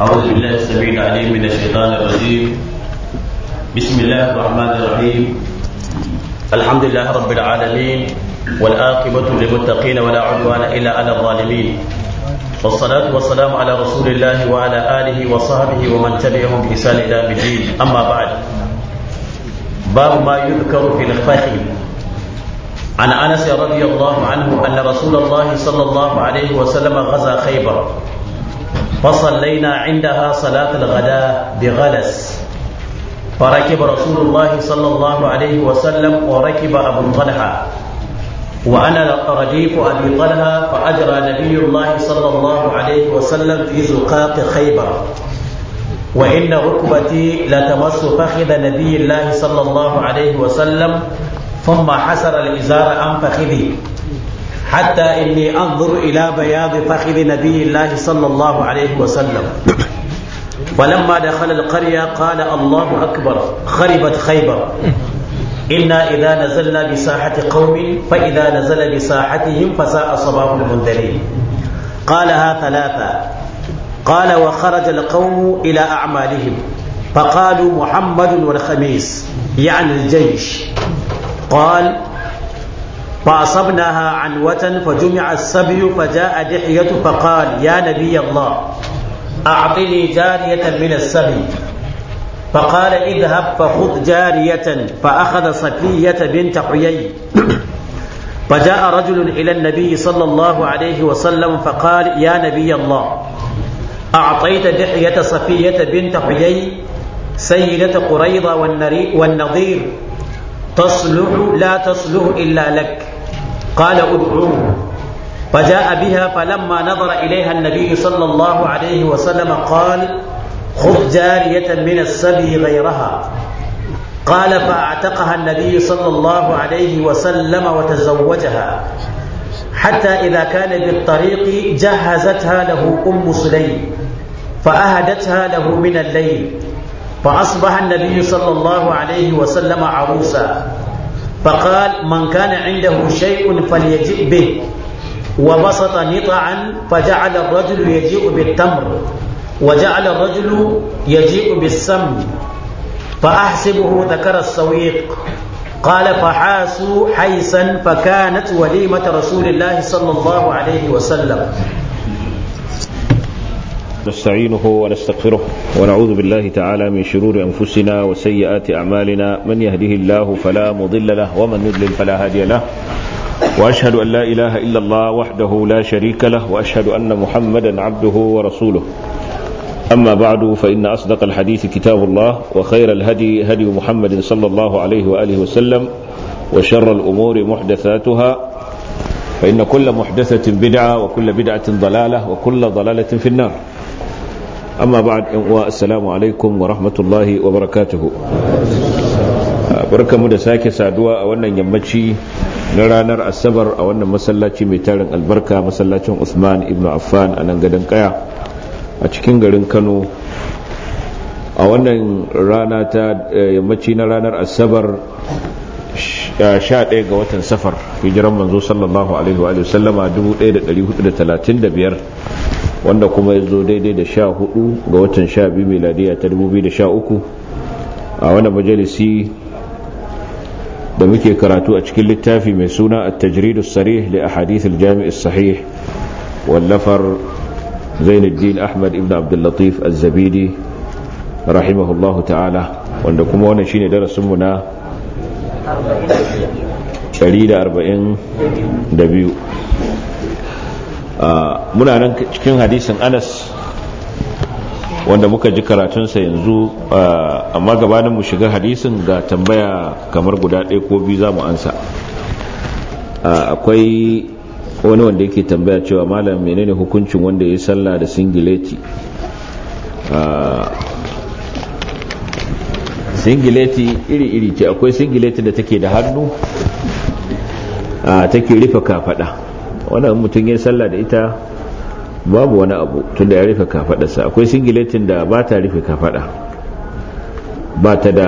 أعوذ بالله السميع العليم من الشيطان الرجيم بسم الله الرحمن الرحيم الحمد لله رب العالمين والآقبة للمتقين ولا عدوان إلا على الظالمين والصلاة والسلام على رسول الله وعلى آله وصحبه ومن تبعهم بإحسان إلى الدين أما بعد باب ما يذكر في الفخذ عن أنس رضي الله عنه أن رسول الله صلى الله عليه وسلم غزا خيبر فصلينا عندها صلاة الغداء بغلس فركب رسول الله صلى الله عليه وسلم وركب أبو طلحة وأنا رديف أبي طلحة فأجرى نبي الله صلى الله عليه وسلم في زقاق خيبر وإن ركبتي لتمس فخذ نبي الله صلى الله عليه وسلم ثم حسر الإزار عن فخذي حتى إني أنظر إلى بياض فخذ نبي الله صلى الله عليه وسلم فلما دخل القرية قال الله أكبر خربت خيبر إنا إذا نزلنا بساحة قوم فإذا نزل بساحتهم فساء صباح المنذرين قالها ثلاثة قال وخرج القوم إلى أعمالهم فقالوا محمد والخميس يعني الجيش قال فأصبناها عنوة فجمع السبي فجاء دحية فقال يا نبي الله أعطني جارية من السبي فقال اذهب فخذ جارية فأخذ صفية بنت حيي فجاء رجل إلى النبي صلى الله عليه وسلم فقال يا نبي الله أعطيت دحية صفية بنت حيي سيدة قريضة والنظير تصلح لا تصلح إلا لك قال ادعوه فجاء بها فلما نظر إليها النبي صلى الله عليه وسلم قال خذ جارية من السبي غيرها قال فأعتقها النبي صلى الله عليه وسلم وتزوجها حتى إذا كان بالطريق جهزتها له أم سليم فأهدتها له من الليل فأصبح النبي صلى الله عليه وسلم عروسا فقال من كان عنده شيء فليجئ به وبسط نطعا فجعل الرجل يجيء بالتمر وجعل الرجل يجيء بالسم فأحسبه ذكر السويق قال فحاسوا حيسا فكانت وليمة رسول الله صلى الله عليه وسلم نستعينه ونستغفره ونعوذ بالله تعالى من شرور أنفسنا وسيئات أعمالنا من يهده الله فلا مضل له ومن يضلل فلا هادي له وأشهد أن لا إله إلا الله وحده لا شريك له وأشهد أن محمدا عبده ورسوله أما بعد فإن أصدق الحديث كتاب الله وخير الهدي هدي محمد صلى الله عليه وآله وسلم وشر الأمور محدثاتها فإن كل محدثة بدعة وكل بدعة ضلالة وكل ضلالة في النار amma ba'ad yan uwa assalamu alaikum wa rahmatullahi wa barakatuhu barkamu da sake saduwa a wannan yammaci na ranar asabar a wannan masallaci mai tarin albarka masallacin Usman ibn Affan a nan gadan kaya a cikin garin Kano a wannan rana ta eh, yammaci na ranar asabar 11 ga watan safar hijiran manzo sallallahu alaihi wa sallama 1435 wanda kuma ya zo daidai da sha hudu ga watan sha biyu miladiya ta dubu biyu da sha uku a wanda majalisi da muke karatu a cikin littafi mai suna a tajridu sare da a al jami'ar sahih wallafar zainuddin ahmad ibn abdullatif az-zabidi rahimahullahu ta'ala wanda kuma wannan shine darasinmu na 142 Ah, muna nan cikin hadisin anas wanda muka ji karatunsa yanzu ah, amma gabanin mu shiga hadisin ga tambaya kamar guda ɗaya ko biyu za mu ansa ah, akwai wani wanda yake tambaya cewa malam menene hukuncin wanda ya yi sallah da singileti singileti iri-iri ce akwai singileti da take da hannu take rufe kafada wannan mutum ya sallah da ita babu wani abu tunda ya rufe kafaɗarsa akwai singiletin da ba ta rufe kafada ba ta da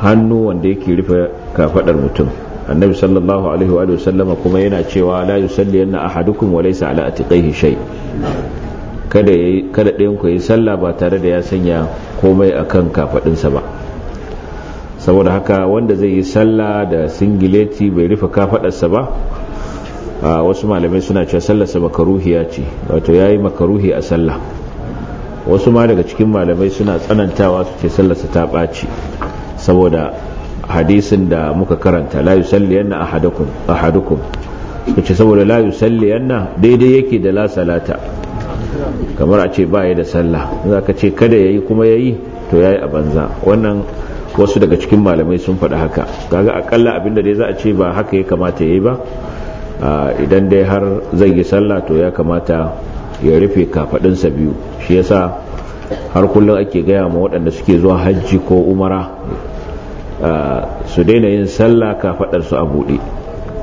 hannu wanda yake rufe kafaɗar mutum annabi sallallahu alaihi wa sallama kuma yana cewa la yusalli anna ahadukum wa laysa ala atiqihi shay kada yayi kada ɗayan ku yi sallah ba tare da ya sanya komai akan kafadinsa ba saboda haka wanda zai yi sallah da singileti bai rufe kafaɗarsa ba wasu malamai suna cewa sallarsa makaruhiya ce wato yayi makaruhi a sallah wasu ma daga cikin malamai suna tsanantawa su ce sallarsa ta ɓaci saboda hadisin da muka karanta la yusalliyanna ahadukum ahadukum kace saboda la yusalliyanna daidai yake da la salata kamar a ce ba ya da sallah zaka ce kada yayi kuma yayi to yayi a banza wannan wasu daga cikin malamai sun faɗi haka kaga akalla abinda dai za a ce ba haka ya kamata ya yi ba idan dai har zai yi sallah to ya kamata ya rufe kafadinsa biyu shi yasa har kullum ake gaya ma waɗanda suke zuwa hajji ko umara su daina yin sallah kafadarsu a buɗe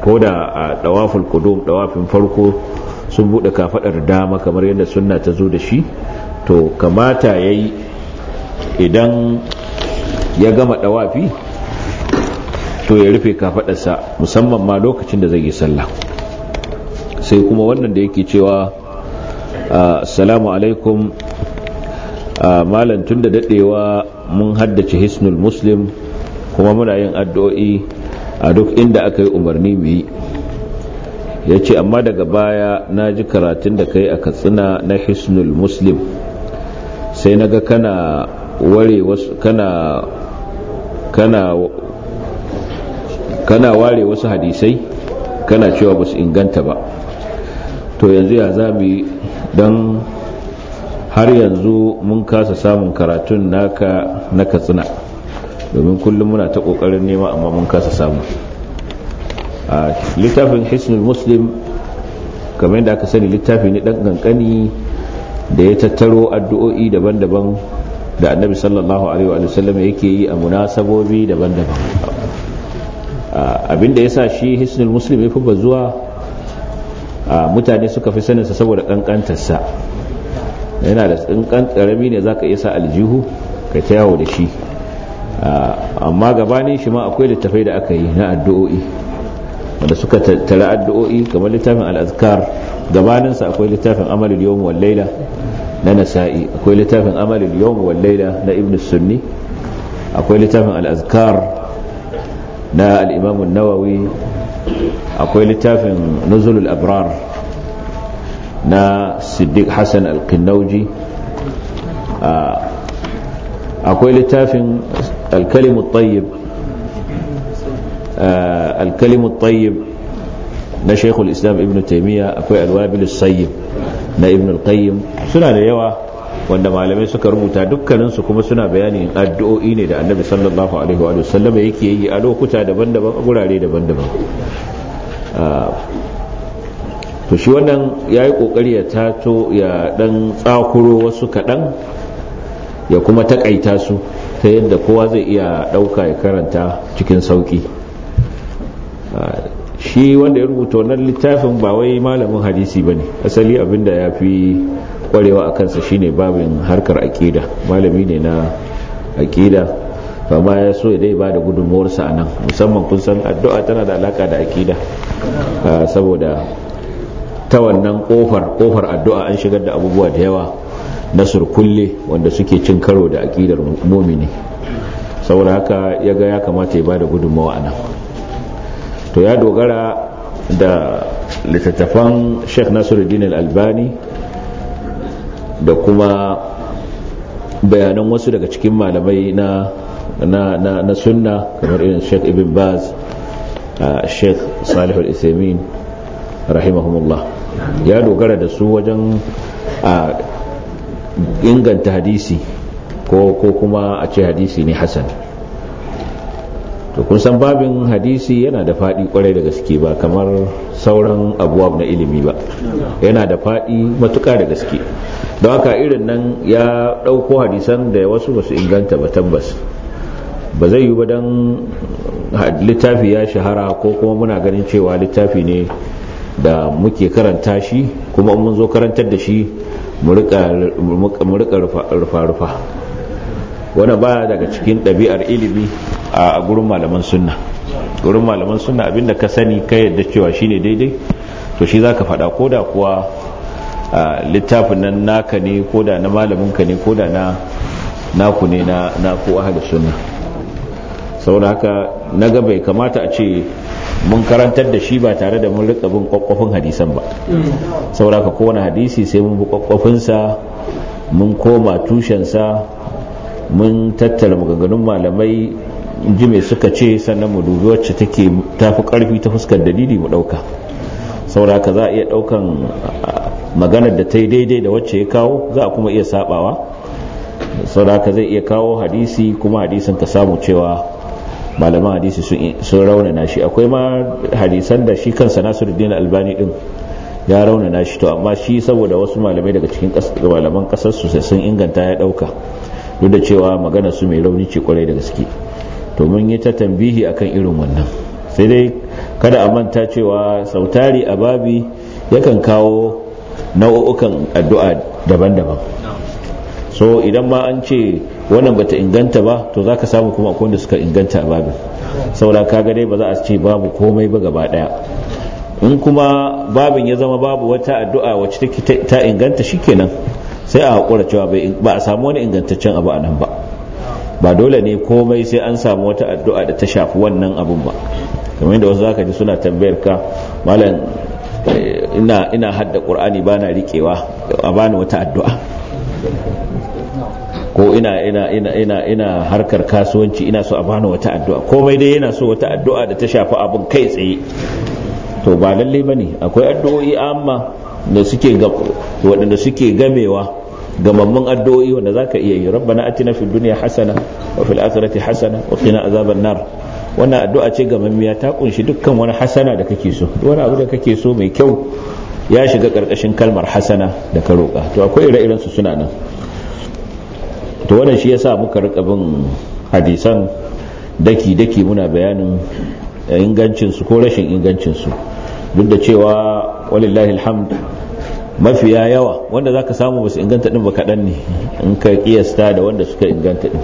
ko da a ɗawafin kudum ɗawafin farko sun buɗe kafadar dama kamar yadda sunna ta zo da shi to kamata ya yi idan ya gama ɗawafi to ya rufe kafaɗarsa musamman ma lokacin da zai yi sallah sai kuma wannan da yake cewa ah, assalamu alaikum ah, malam tun da dadewa mun haddace hisnul muslim kuma muna yin addu'o'i a duk inda aka yi umarni mu yi ya ce amma daga baya na ji karatun da kai a katsina na hisnul muslim sai na ga kana ware wasu kana ware wasu hadisai kana cewa ba su inganta ba to yanzu ya zabi don har yanzu mun kasa samun karatun naka na katsina domin kullum muna ta kokarin nema amma mun kasa samu a littafin hisnul muslim kamar yadda aka sani littafi ne dan kankani da ya tattaro addu'o'i daban-daban da annabi sallallahu alaihi wa sallam yake yi a munasabobi daban-daban abinda ya sa shi hisnul muslim ya fi bazuwa mutane suka fi saninsa saboda kankantarsa yana da tsinkan karami ne ka iya sa aljihu ka ta yawo da shi amma gabanin shi ma akwai littafai da aka yi na addu'o'i wanda suka tara addu'o'i kamar littafin al'azkar gabaninsa akwai littafin amalul yawm wallaila na nasa'i akwai littafin amalul yawm wallaila na ibn sunni akwai littafin al'azkar na al nawawi akwai littafin nuzulul abrar na siddiq hassan alkinnauji ah, akwai littafin alkalimu tayyib ah, tayyib na shekul islam ibn taimiyya akwai alwabil sayyib na ibn alqayyim suna da yawa wanda malamai suka rubuta dukkaninsu kuma suna bayanin addu'o'i ne da annabi sallallahu alaihi wa sallam yake yi a lokuta daban-daban a gurare daban-daban ah, to shi wannan ya yi ƙoƙari ya tato ya dan tsakuro wasu kaɗan ya kuma taƙaita su ta yadda kowa zai iya ɗauka ya karanta cikin sauƙi ah, shi wanda ya rubuta wannan littafin ba wai malamin hadisi ba ne asali abinda ya fi kwarewa a kansa shine babin harkar aƙida malami ne na aƙida ma ya so dai ba da gudunmuwarsa a nan musamman kun san addu'a tana da alaka da aƙida saboda ta wannan kofar kofar addu'a an shigar da abubuwa da yawa na surkulle wanda suke cin karo da aƙidar mumini saboda haka ya ga ya kamata ya ba da gudunmawa a nan to ya dogara da littattafan sheikh nasiru albani da kuma bayanan wasu daga cikin malamai na na sunna kamar irin Sheikh Ibn Baz Sheikh Salih al rahimahumullah ya dogara da su wajen a inganta hadisi ko ko kuma a ce hadisi ne hasan to kun san babin hadisi yana da faɗi kwarai da gaske ba kamar sauran abuwab na ilimi ba yana da faɗi matuƙa da gaske don haka irin nan ya ɗauko hadisan da wasu ba su inganta ba tabbas ba zai yi ba don littafi ya shahara ko kuma muna ganin cewa littafi ne da muke karanta shi kuma mun zo karantar da shi mu rika rufa-rufa wani ba daga cikin ɗabi'ar ilimi a gurin malaman sunna gurin malaman sunna abinda ka sani ka yadda cewa shine daidai to shi zaka faɗa koda kuwa littafin nan naka ne koda na malaminka ne koda na naku ne na na haɗa ahlus sunna saboda haka naga bai kamata a ce mun karantar da shi ba tare da mun rika bin kwakwafin hadisan ba saboda haka kowane hadisi sai mun bi kwakwafin mun koma tushen sa mun tattara maganganun malamai ji mai suka ce sannan mu dubi wacce take tafi karfi ta fuskar dalili mu dauka saboda haka za a iya daukan maganar da ta yi daidai da wacce ya kawo za a kuma iya sabawa saboda haka zai iya kawo hadisi kuma hadisin ka samu cewa malaman hadisi sun raunana shi akwai ma hadisan da shi kansa nasiruddin albani din ya raunana shi to amma shi saboda wasu malamai daga cikin malaman kasar su sai sun inganta ya dauka duk da cewa magana su mai rauni ce kwarai da gaske to mun yi ta tambihi akan irin wannan sai dai kada a manta cewa sautari a babi yakan kawo nau'ukan addu'a daban-daban so idan ma an ce wannan bata inganta ba to zaka samu kuma akwai wanda suka inganta a babin saboda kaga dai ba za a ce babu komai ba gaba daya in kuma babin ya zama babu wata addu'a wacce take ta inganta shikenan sai a haƙura cewa ba a samu wani ingantaccen abu a nan ba ba dole ne komai sai an samu wata addu'a da ta shafi wannan abun ba kamar yadda wasu zaka ji suna tambayar ka malam eh, ina ina hadda qur'ani bana riƙewa a bani wata addu'a ko ina ina ina ina ina harkar kasuwanci ina so a bani wata addu'a komai dai yana so wata addu'a da ta shafi abun kai tsaye to ba lalle bane akwai addu'o'i amma da suke ga waɗanda suke gamewa gamammun addu'o'i wanda zaka iya yi rabbana atina fid dunya hasana wa fil akhirati hasana wa qina azaban nar wannan addu'a ce gamammiya ta kunshi dukkan wani hasana da kake so duk wani abu da kake so mai kyau ya shiga karkashin kalmar hasana da ka roƙa to akwai ire-iren su suna nan to wannan shi yasa muka rika bin hadisan daki-daki muna bayanin ingancinsu ko rashin ingancinsu duk da cewa walillahi alhamd mafiya yawa wanda zaka samu basu inganta din ba kadan ne in ka kiyasta da wanda suka inganta din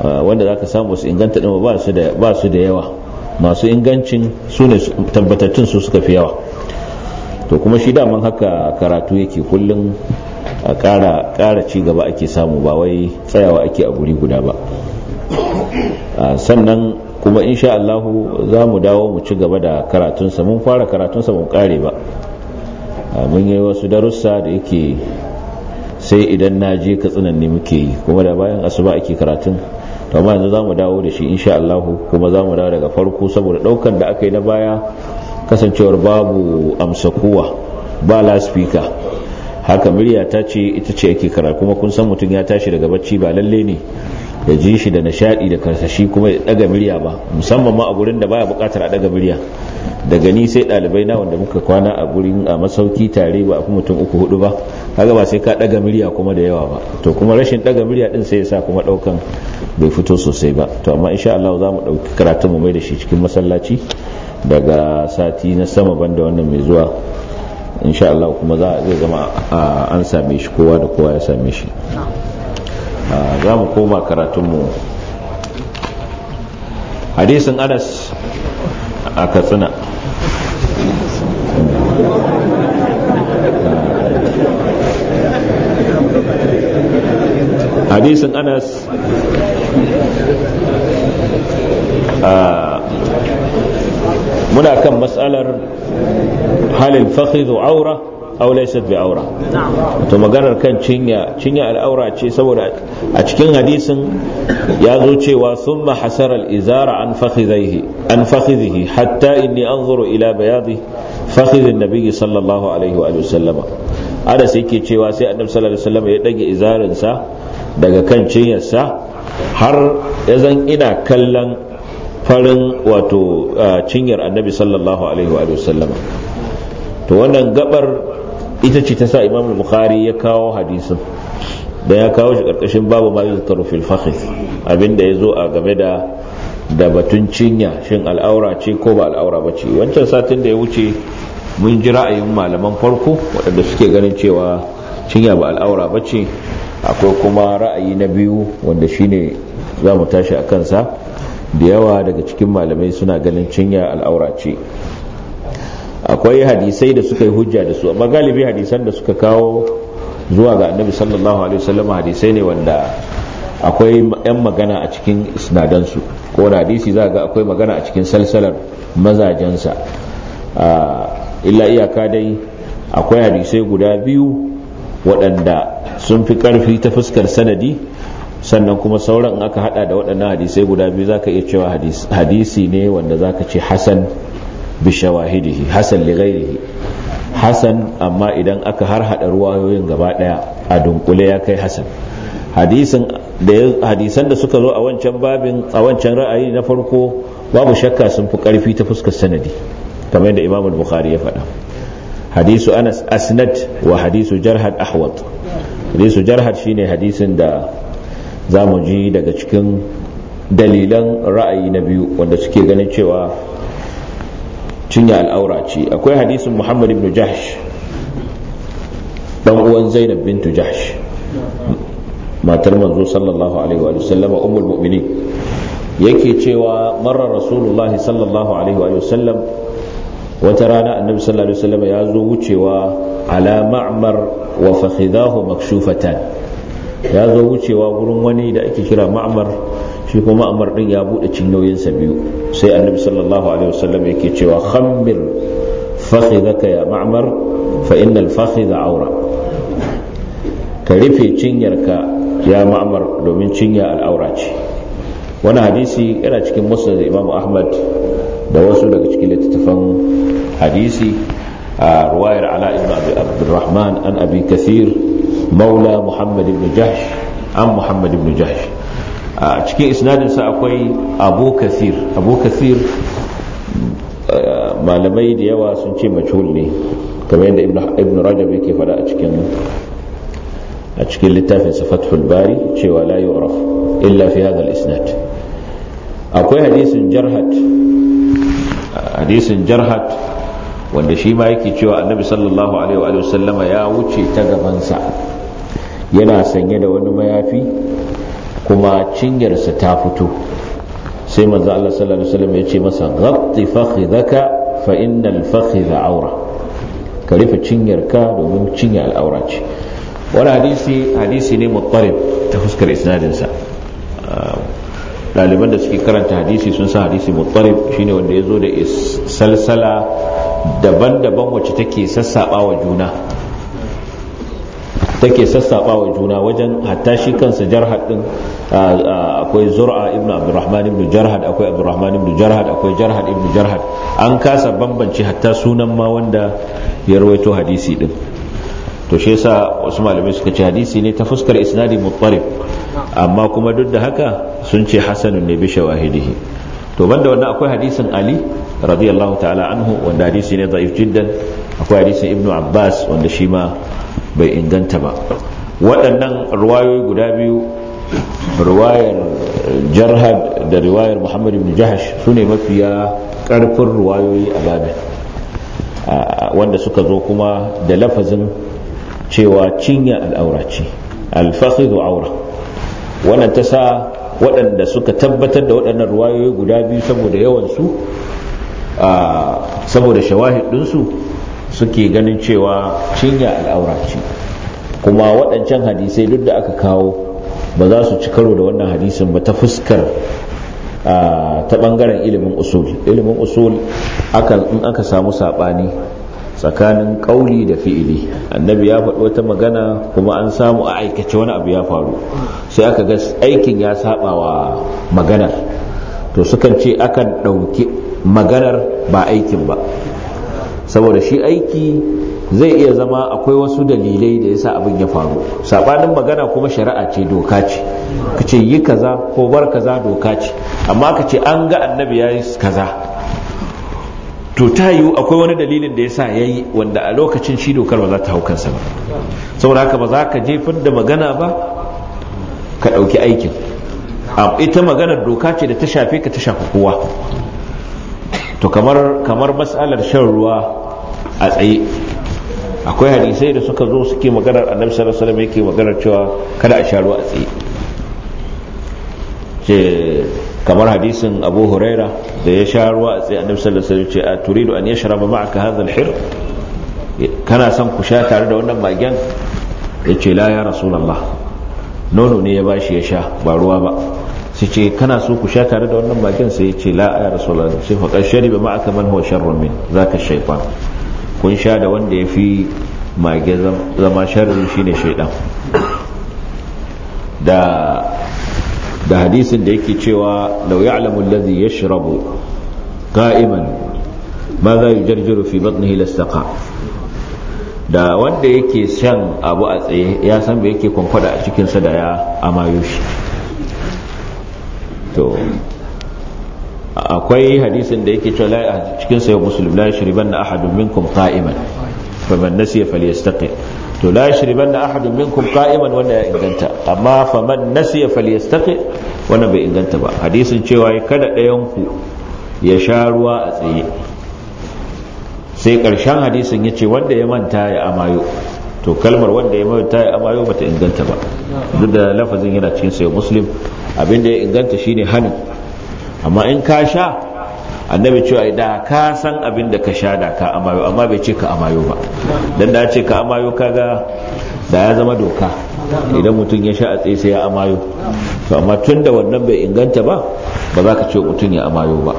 ah, wanda zaka samu basu inganta din ba su da ba su da yawa masu ingancin su ne tabbatattun su suka fi yawa to kuma shi da man haka karatu yake kullun a ƙara ƙara ci gaba ake samu ba wai tsayawa ake a guri guda ba ah, sannan kuma insha Allahu za mu dawo mu ci gaba da karatunsa mun fara karatunsa mun kare ba Ah, mun yi wasu darussa da yake sai idan na je katsinan ne muke yi kuma da bayan asuba ake karatun to amma yanzu zamu dawo da shi insha Allah kuma zamu dawo daga farko saboda daukan da aka yi na baya kasancewar babu amsakuwa ba la speaker haka murya ta ce ita ce ake kara kuma kun san mutum ya tashi daga bacci ba lalle ne da ji shi da nishadi da karsashi kuma ya daga murya ba musamman ma a gurin da baya bukatar a daga murya daga ni sai dalibai na wanda muka kwana a gurin a masauki tare ba kuma mutum uku hudu ba kaga ba sai ka daga murya kuma da yawa ba to kuma rashin daga murya din sai ya sa kuma daukan bai fito sosai ba to amma insha Allah za mu dauki karatun mu mai da shi cikin masallaci daga sati na sama banda wannan mai zuwa insha Allah kuma za zai zama an same shi kowa da kowa ya same shi Ah, za mu koma karatunmu hadisin anas a katsina hadisin anas ah, muna kan matsalar halin fakhidu aura aw laysat bi aura to maganar kan cinya cinya al'aura ce saboda a cikin hadisin ya zo cewa summa hasara al-izara an fakhidhihi an fakhidhihi hatta inni anzuru ila bayadi fakhidh an-nabi sallallahu alaihi wa sallama sai yake cewa sai annabi sallallahu alaihi wasallam ya dage izarinsa daga kan cinyar sa har ya zan ina kallon farin wato ah, cinyar annabi sallallahu alaihi wa sallama to wannan gabar ita ce ta sa imam bukhari ya kawo hadisin da ya kawo shi karkashin babu ma yuzkaru fil fakhis abinda zo a game da da batun cinya shin al'aura ce ko ba al'aura ba ce wancan satin da ya wuce mun ji ra'ayin malaman farko waɗanda suke ganin cewa cinya ba al'aura ba ce akwai kuma ra'ayi na biyu wanda shine za mu tashi a kansa da yawa daga cikin malamai suna ganin cinya al'aura ce akwai hadisai da suka yi hujja da su amma galibi hadisan da suka kawo zuwa ga annabi sallallahu alaihi wasallam hadisai ne wanda akwai yan magana a cikin isnadansu ko da hadisi za ga akwai magana a cikin salsalar mazajensa illa iyaka dai akwai hadisai guda biyu waɗanda sun fi ƙarfi ta fuskar sanadi sannan kuma sauran in aka hada da waɗannan hadisai guda biyu zaka iya cewa hadisi ne wanda zaka ce hasan bishawahidihi hasan li ghairihi hasan amma idan aka har hada ruwayoyin gaba daya a dunkule ya kai hasan hadisan da suka zo a wancan babin a wancan ra'ayi na farko babu shakka sun fi karfi ta fuskar sanadi kamar yadda imam bukhari ya faɗa hadisu anas asnad wa hadisu jarhad ahwat hadisu jarhad shine hadisin da za mu ji daga cikin dalilan ra'ayi na biyu wanda suke ganin cewa cinya al'aura ce akwai hadisin muhammad ibn jahsh dan uwan zainab bintu jahsh matar manzo sallallahu alaihi wa sallama ummul mu'minin yake cewa marar rasulullah sallallahu alaihi wa sallam wata rana annabi sallallahu alaihi wa sallam ya zo wucewa ala ma'mar wa fakhidahu makshufatan ya zo wucewa gurin wani da ake kira ma'mar shi kuma Umar din ya bude cinyoyinsa biyu sai Annabi sallallahu alaihi wasallam yake cewa khammir fakhidaka ya ma'mar fa innal fakhidha awra ka rufe cinyarka ya ma'mar domin cinya al'aura ce wani hadisi yana cikin musnad Imam Ahmad da wasu daga cikin littattafan hadisi a ruwayar ala ibn abi abdurrahman an abi kathir maula muhammad ibn jahsh an muhammad ibn jahsh a cikin isnadinsa akwai abu kathir abu eh, malamai da yawa sun ce majhul ne kamar yadda ibn rajab yake faɗa a cikin a cikin littafin fathul bari cewa la yu'raf illa fi hadha al-isnad akwai hadisin jarhat hadisin jarhat wanda shi ma yake cewa annabi sallallahu alaihi wa sallama ya wuce ta gabansa yana sanye da wani mayafi kuma cinyarsa ta fito sai manzo Allah sallallahu alaihi wasallam ya ce masa ghatti fakhidhaka fa innal fakhidha awra ka rufe cinyarka domin cinya al'aura ce wani hadisi hadisi ne muttarib ta fuskar isnadinsa ah, ɗaliban da suke karanta hadisi sun san hadisi muttarib shine wanda ya zo da salsala daban-daban wacce take sassaɓa wa juna take sassaba wa juna wajen hatta shi kansa jarhad din akwai zur'a ibn abdurrahman ibn jarhad akwai abdurrahman ibn jarhad akwai jarhad ibn jarhad an kasa bambance hatta sunan ma wanda ya rawaito hadisi din to shi yasa wasu malamai suka ce hadisi ne ta fuskar isnadi muttarib amma kuma duk da haka sun ce hasanun ne bi shawahidihi to banda wannan akwai hadisin ali radiyallahu ta'ala anhu wanda hadisi ne da'if jiddan akwai hadisin ibnu abbas wanda shi ma bai inganta ba waɗannan ruwayoyi guda biyu ruwayar jarhad da ruwayar muhammad bin jahash su ne mafiya ƙarfin ruwayoyi a babin wanda suka zo kuma da lafazin cewa cinya al'aura ce alfahidu aura wannan ta sa waɗanda suka tabbatar da waɗannan ruwayoyi guda biyu saboda yawansu saboda shawahid ɗinsu suke ganin cewa cinya al'aura ce kuma waɗancan hadisai duk da aka kawo ba za su ci karo da wannan hadisin ba ta fuskar ta ɓangaren ilimin usul ilimin usul in aka samu saɓani tsakanin ƙauli da fi'ili annabi ya faɗi wata magana kuma an samu a aikace wani abu ya faru sai aka ga aikin ya saɓa wa maganar to sukan ce akan ɗauki maganar ba aikin ba saboda shi aiki zai iya zama akwai wasu dalilai da yasa abin ya faru sabanin magana kuma shari'a ce doka ce kace yi kaza ko bar kaza doka ce amma ka ce an ga annabi ya yayi kaza to ta yiwu akwai wani dalilin da yasa yi wanda a lokacin shi dokar ba za ta hau kansa ba saboda haka ba za ka jefar da magana ba ka ɗauki aikin ita maganar doka ce da ta shafe ka ta shafi kowa to kamar kamar matsalar shan ruwa a tsaye akwai hadisai da suka zo suke maganar annabi sallallahu alaihi wasallam yake maganar cewa kada a sha ruwa a tsaye ce kamar hadisin Abu Huraira da ya sha ruwa a tsaye annabi sallallahu alaihi wasallam ce a turidu an yashraba ma'aka hadha al-hir kana son ku sha tare da wannan magen yace la ya rasulullah nono ne ya bashi ya sha ba ruwa ba sai ce kana so ku sha tare da wannan magen sai ya ce la ya rasulullah sai fa qashari ba ma'aka man huwa sharrun min zaka shaytan kun sha da wanda ya fi mage zama sharri shine shaidan da da hadisin da yake cewa law ya'lamu allazi yashrabu qa'iman ma za yujarjiru fi batnihi lastaqa da wanda yake shan abu a tsaye ya san me yake kwankwada a cikin sa da ya amayo to akwai hadisin da yake cewa la cikin sayo musulun. la na ahadun minkum qa'iman faman nasiya falyastaqi to la na ahadun minkum qa'iman wanda ya inganta amma faman nasiya falyastaqi wanda bai inganta ba hadisin cewa ya kada ɗayan ku ya sha ruwa a tsaye sai ƙarshen hadisin ya ce wanda ya manta ya amayo to kalmar wanda ya manta ya amayo bata inganta ba duk da lafazin yana cikin sayo musulun. abinda ya inganta shine hanin amma in ka sha annabi cewa da ka san abin da ka sha da ka amayo amma bai ce ka amayo ba dan da ce ka amayo kaga da ya zama doka idan mutum ya sha a tsaye sai ya amayo to amma tun da wannan bai inganta ba ba za ka ce mutum ya amayo ba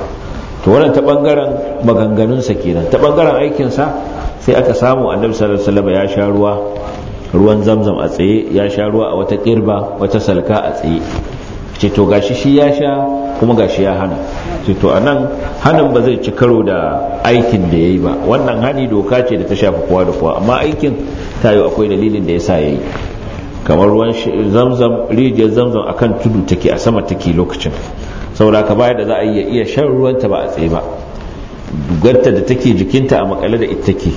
to wannan ta bangaren maganganunsa kenan ta bangaren sa sai aka samu annabi sallallahu alaihi wasallam ya sha ruwa ruwan zamzam a tsaye ya sha ruwa a wata kirba wata salka a tsaye ce to gashi shi ya sha kuma ga shi ya hana to a nan hanin ba zai ci karo da aikin da ya yi ba wannan hani doka ce da ta shafi kowa da kowa amma aikin tayo akwai dalilin da ya sa ya yi kamar ruwan zamzam rijiyar zamzam akan tudu take a sama take lokacin saboda ka baya da za a iya shan ruwanta ba a tsaye ba dugarta da take jikinta a makale da ita take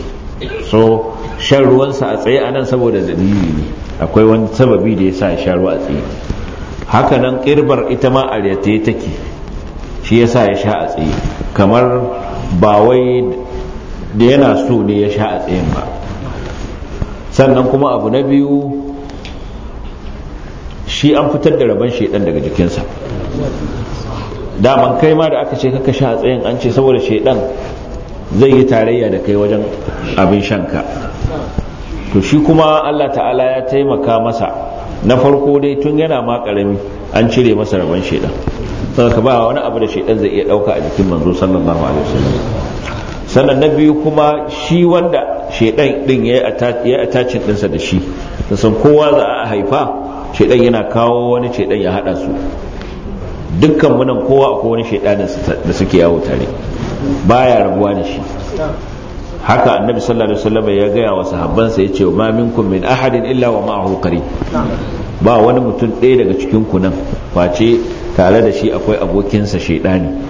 so shan ruwansa a tsaye a nan saboda dalili ne akwai wani sababi da ya sa shan ruwa a tsaye hakanan kirbar ita ma a ya take shi yasa ya sha a tsaye kamar ba wai da yana so ne ya sha a tsayen ba sannan kuma abu na biyu shi an fitar da rabon shaidan daga jikinsa daman kai ma da aka ce kaka sha a tsayin an ce saboda shaidan zai yi tarayya da kai wajen abin shanka to shi kuma allah ta'ala ya taimaka masa na farko dai tun yana ma karami an cire masa rabon shaidan saboda ba wani abu da shaidan zai iya dauka a jikin manzo sallallahu alaihi wasallam sannan na biyu kuma shi wanda shaidan din ya yi attachin dinsa da shi san kowa za a haifa shaidan yana kawo wani shaidan ya hada su dukkan munan kowa akwai wani shaidanin da suke yawo tare baya rabuwa da shi haka annabi sallallahu alaihi wasallam ya gaya wa sahabbansa yace ma minkum min ahadin illa wa ma'ahu qari ba wani mutum ɗaya daga cikin ku nan face tare da shi akwai abokinsa shaidani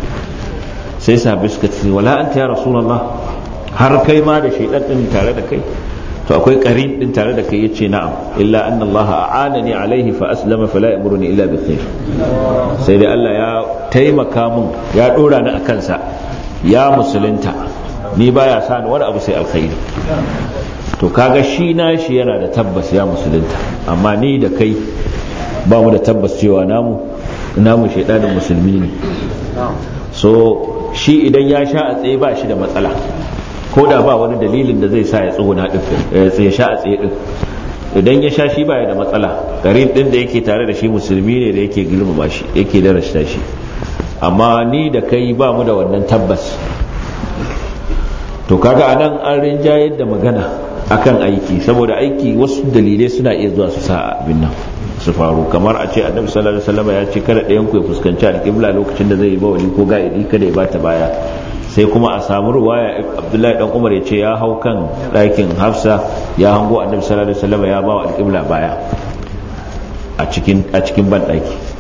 sai sahabbai suka ce wala anta ya rasulullah har kai ma da shaidan din tare da kai to akwai qarin din tare da kai yace na'am illa anna allaha a'anani alaihi fa aslama la yamuruni illa bi khair sai dai Allah ya taimaka mun ya dora ni akan sa ya musulunta ni baya sa ni wani abu sai alkhairi to kaga shi na shi yana da tabbas ya musulunta amma ni da kai ba mu da tabbas cewa namu namu shaidanin musulmi ne so shi idan ya sha a tsaye ba shi da matsala ko da ba wani dalilin da zai sa ya tsona din eh, ya sha a tsaye din idan ya sha shi baya da matsala garin din da yake tare da shi musulmi ne da yake girmama shi yake darasta shi amma ni da kai ba mu da wannan tabbas to kaga anan an rinjayar da magana akan aiki saboda aiki wasu dalilai suna iya zuwa su sa abin nan su faru kamar a ce annabi sallallahu alaihi wasallam ya ce kada ɗayan ku ya fuskanci alƙibla lokacin da zai yi wani ko ga'idi kada ya bata baya sai kuma a samu ruwaya abdullahi dan umar ya ce ya hau kan ɗakin hafsa ya hango annabi sallallahu alaihi wasallam ya bawa alƙibla baya a cikin a cikin ban ɗaki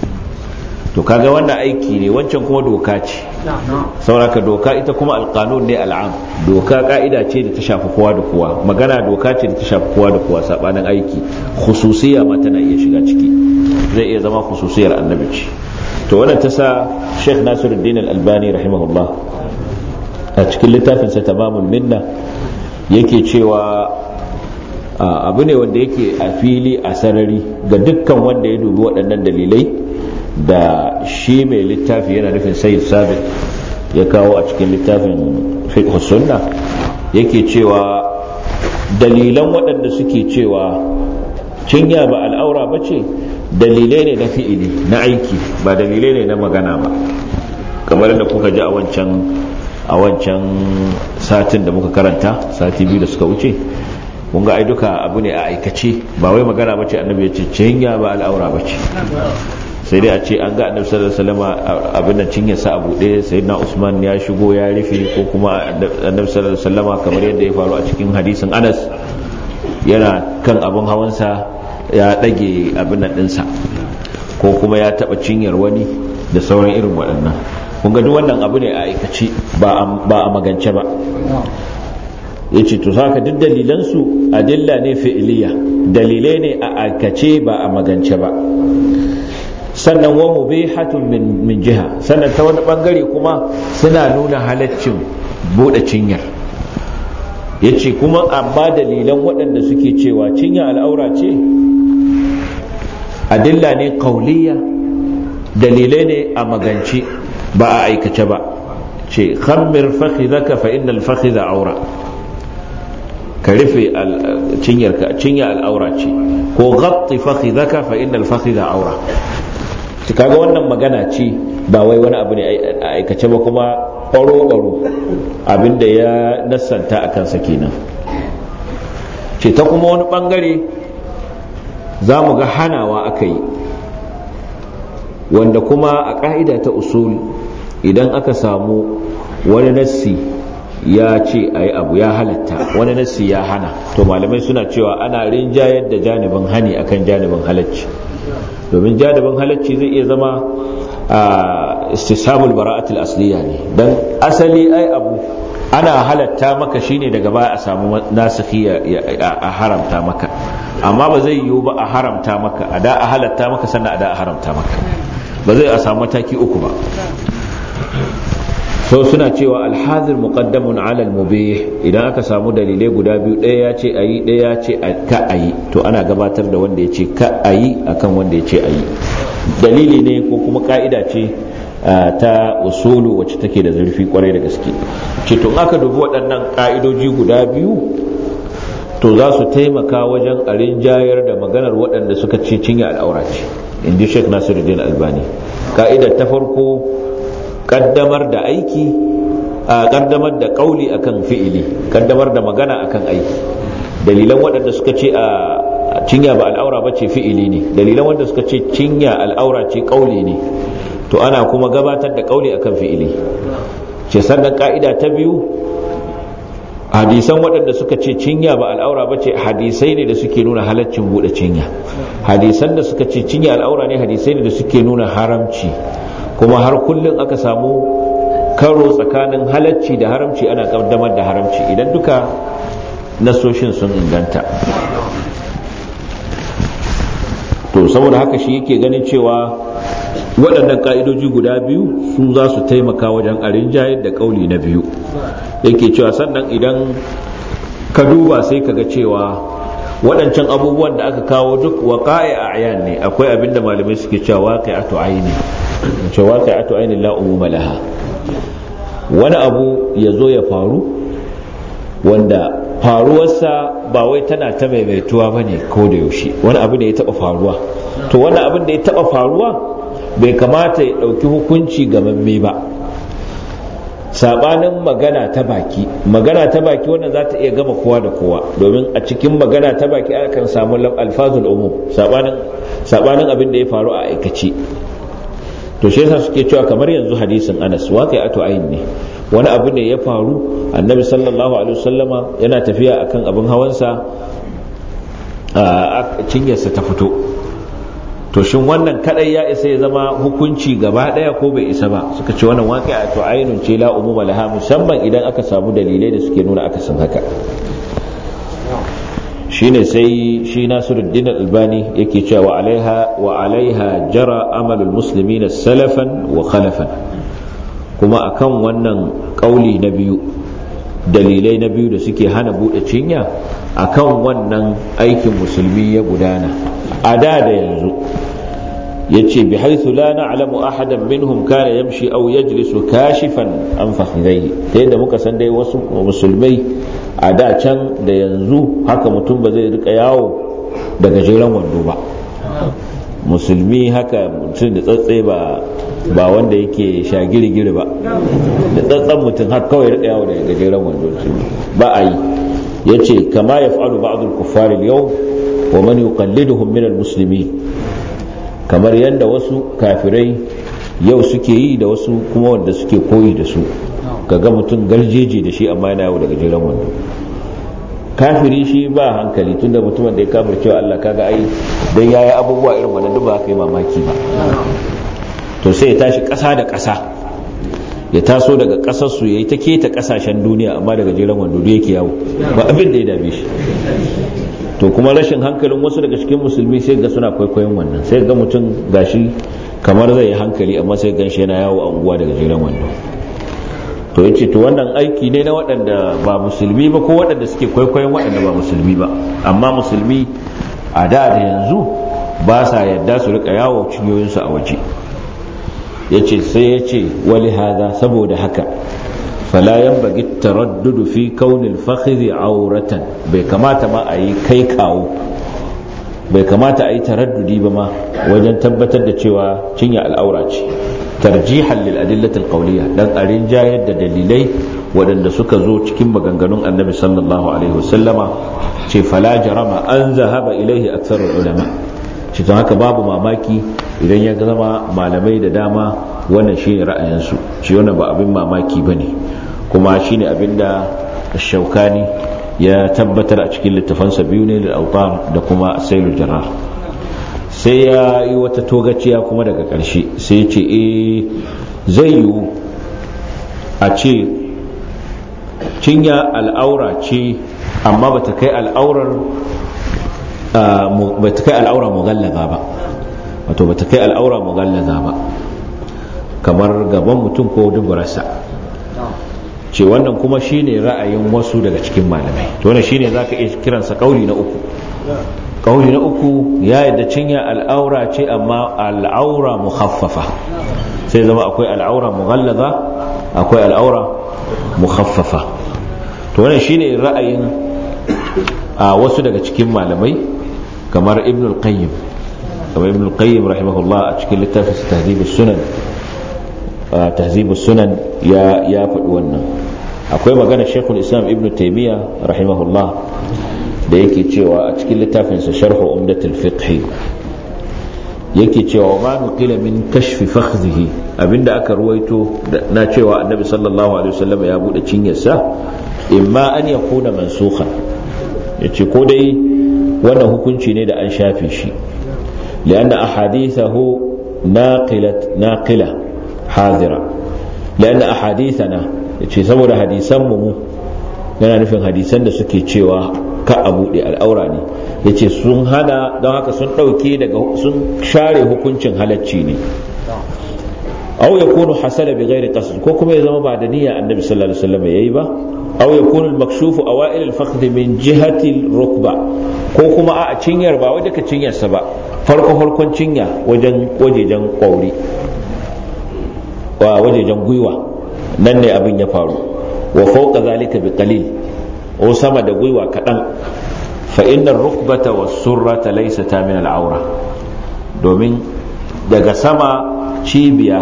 to kaga wannan aiki ne wancan kuma doka ce sauraka doka ita kuma alkanun ne al'am doka ka'ida ce da ta shafi kowa da kowa magana doka ce da ta shafi kowa da kowa sabanin aiki khususiya ma tana iya shiga ciki zai iya zama khususiyar annabi ce to wannan ta sa Sheikh Nasiruddin Al-Albani rahimahullah a cikin littafin sa Tamamul Minna yake cewa abu ne wanda yake a fili a sarari ga dukkan wanda ya dubi waɗannan dalilai da shi mai littafi yana nufin sayyid sabit ya kawo a cikin littafin fiqh sunna yake cewa dalilan waɗanda suke cewa cinya ba al'aura ba ce dalilai ne na fi'ili na aiki ba dalilai ne na magana ba kamar da kuka ji a wancan a wancan satin da muka karanta sati biyu da suka wuce mun ga ai duka abu ne a aikace ba wai magana bace annabi ya ce cinya ba al'aura bace sai dai a ce an ga annabi sallallahu alaihi wasallam abin nan cinye sa abu sai sayyidina Usman ya shigo ya rufe ko kuma annabi sallallahu alaihi wasallam kamar yadda ya faru a cikin hadisin Anas yana kan abin hawansa ya dage abin nan dinsa ko kuma ya taɓa cinyar wani da sauran irin waɗannan kun ga duk wannan abu ne a aikace ba a magance ba ya ce to saka duk dalilansu adilla ne fi'iliya dalilai ne a aikace ba a magance ba sannan wa mubihatun min min jiha sannan ta wani bangare kuma suna nuna halaccin bude cinyar yace kuma amma dalilan waɗanda suke cewa cinya al'aura ce adilla ne kauliya dalilai ne a magance ba a aikace ba ce khammir fakhidaka fa innal fakhidha aura ka rufe cinyarka cinya al'aura ce ko gatti fakhidaka fa innal fakhidha aura Ka kaga wannan magana ce ba wai wani abu ne a aikace ba kuma ɓaro-ɓaro abinda ya nassanta a kansa kenan ce ta kuma wani ɓangare za mu ga hanawa aka yi wanda kuma a ƙa'ida ta usul idan aka samu wani nassi ya ce a yi abu ya halatta wani nassi ya hana to malamai suna cewa ana rinjayar da janibin hani akan janibin halacci domin jadabin halacci zai iya zama a istisamul bara'atul asliya ne dan asali ai abu ana halatta maka shine daga baya a samu nasikhi a haramta maka amma ba zai yiwu ba a haramta maka a da a halatta maka sannan a da a haramta maka ba zai a samu mataki uku ba so suna cewa alhazir muqaddamun ala almubih idan aka samu dalilai guda biyu ɗaya ya ce ayi ɗaya ya ce ka ayi to ana gabatar da wanda ya ce ka ayi akan wanda ya ce ayi dalili ne ko kuma ka'ida ce ta usulu wacce take da zurfi kwarai da gaske ce to aka dubi waɗannan ka'idoji guda biyu to za su taimaka wajen a rinjayar da maganar waɗanda suka ce cinye al'aura ce in ji sheikh nasiruddin albani ka'idar ta farko kaddamar da aiki a kaddamar da kauli akan fi'ili kaddamar da magana akan aiki dalilan waɗanda suka ce a cinya ba al'aura ba ce fi'ili ne dalilan wanda suka ce cinya al'aura ce kauli ne to ana kuma gabatar da kauli akan fi'ili ce sannan ka'ida ta biyu hadisan waɗanda suka ce cinya ba al'aura ba ce hadisai ne da suke nuna halaccin buɗe cinya hadisan da suka ce cinya al'aura ne hadisai ne da suke nuna haramci kuma har kullum aka samu karo tsakanin halacci da haramci ana kaddamar da haramci idan duka nasoshin sun inganta to saboda haka shi yake ganin cewa waɗannan ƙa'idoji guda biyu su za su taimaka wajen arin jayar da ƙauli na biyu yake cewa sannan idan ka duba sai ka ga cewa waɗancan abubuwan da aka kawo duk a a'yan ne akwai abin da malamai suke cewa waqi'atu aini ce waqi'atu aini la umuma laha wani abu ya zo ya faru wanda faruwarsa ba wai tana ta maimaituwa ba ne ko da yaushe wani abu ne ya taba faruwa to wani abin da ya taɓa faruwa bai kamata ya ɗauki hukunci ga mamme ba sabanin magana ta baki magana ta baki wannan za ta iya gama kowa da kowa domin a cikin magana ta baki kan samu alfazul umu sabanin abin da ya faru a aikace to shi yasa suke cewa kamar yanzu hadisin Anas ato ayin ne wani abu ne ya faru annabi sallallahu alaihi wasallama yana tafiya akan abin hawansa a cinyarsa ta fito to shin wannan kadai ya isa ya zama hukunci gaba daya ko bai isa ba suka ce wannan waqi'a to ainun ce la umuma laha musamman idan aka samu dalilai da suke nuna akasin haka shine sai shi Nasiruddin Albani yake cewa alaiha wa alaiha jara amalul na salafan wa khalafan kuma akan wannan kauli na biyu dalilai na biyu da suke hana bude cinya akan wannan aikin musulmi ya gudana a da da yanzu yace bi haythu la na'lamu ahadan minhum kana yamshi aw yajlisu kashifan an fakhidai ta yadda muka san dai wasu musulmai a da can da yanzu haka mutum ba zai rika yawo da gajeren wando ba musulmi haka mutum da tsatse ba ba wanda yake shagirigiri ba da tsatsan mutum har kawai rika yawo da gajeren wando ba a yi yace kama yaf'alu ba'd al-kuffar al-yawm wa man yuqalliduhum min al-muslimin kamar yadda wasu kafirai yau suke yi da wasu kuma wanda suke koyi da su ga ga mutum garjeje da shi amma yana yau daga jiran wando kafiri shi ba hankali tun da mutumin da ya cewa Allah kaga ai dan yayi abubuwa irin wannan duk ba kai mamaki ba to sai ya tashi ƙasa da ƙasa ya taso daga ƙasar su yayi ta keta ƙasashen duniya amma daga jiran wando da yake yawo ba abin da ya dame shi to kuma rashin hankalin wasu daga cikin musulmi sai ga suna kwaikwayon wannan sai ga mutum gashi kamar zai yi hankali amma sai gan shi yana yawo a unguwa daga jiran wannan to yace to wannan aiki ne na waɗanda ba musulmi ba ko waɗanda suke kwaikwayon waɗanda ba musulmi ba amma musulmi a da da yanzu ba sa yadda su rika yawo cinyoyinsu a waje yace sai yace wali hada saboda haka fala yanbaghi taraddudu fi kaunil fakhidhi auratan bai kamata ma a yi kai kawo bai kamata a yi taraddudi ba ma wajen tabbatar da cewa cinye al'auraci. ce tarjihan lil adillatil qawliya dan a rinjayar da dalilai waɗanda suka zo cikin maganganun annabi sallallahu ce fala jarama an zahaba ilaihi aktharul ulama shi don haka babu mamaki idan ya zama malamai da dama wannan shine ne ra'ayinsu shi wannan ba abin mamaki ba ne kuma shi shine abinda shaukani ya tabbatar a cikin littafansa biyu ne da da kuma sailor jira, sai ya yi wata togaciya kuma daga ƙarshe sai ce e zai yiwu a ce cinya al'aura ce amma ba ta kai al'aura ba wato ba ta kai al'aura mughallaza ba kamar gaban mutum ko dubarsa. ce wannan kuma shine ra'ayin wasu daga cikin malamai to wannan shine ka iya kiransa kauli na uku kauli na uku ya yadda cinya al'aura ce amma al'aura haffafa sai zama akwai al'aura mughallaza akwai al'aura haffafa to wannan shine ra'ayin a wasu daga cikin malamai kamar ibn al-qayyim kamar ibn qayyim rahimahullah a cikin littafin tahdhib as-sunan tahzibu sunan ya ya faɗi wannan akwai magana shekul islam ibn taimiyya rahimahullah da yake cewa a cikin littafinsa sharhu umdatul fiqh yake cewa ma nuqila min kashfi fakhzihi abinda aka ruwaito na cewa annabi sallallahu alaihi wasallam ya bude cinyarsa imma an yakuna mansukhan yace ko dai wannan hukunci ne da an shafe shi lianna ahadithahu naqilat naqila hadira lalla hadisana, yace saboda hadisan mu yana nufin hadisan da suke cewa ka a buɗe al'aura ne yace sun hana don haka sun ɗauke daga sun share hukuncin halacci ne aw kunu hasala bi ghairi qasd ko kuma ya zama ba da niyya annabi sallallahu alaihi wasallam yayi ba aw kunu al-makshufu awail al-fakhd min jihati al ko kuma a cinyar ba wai daga cinyarsa ba farko farkon cinya wajen wajejen kwauri Wa wajejen gwiwa nan ne abin ya faru wa fauka zalika bi qalil o sama da gwiwa kaɗan fa inna rukbata was surrata laysata min al-awra domin daga sama cibiya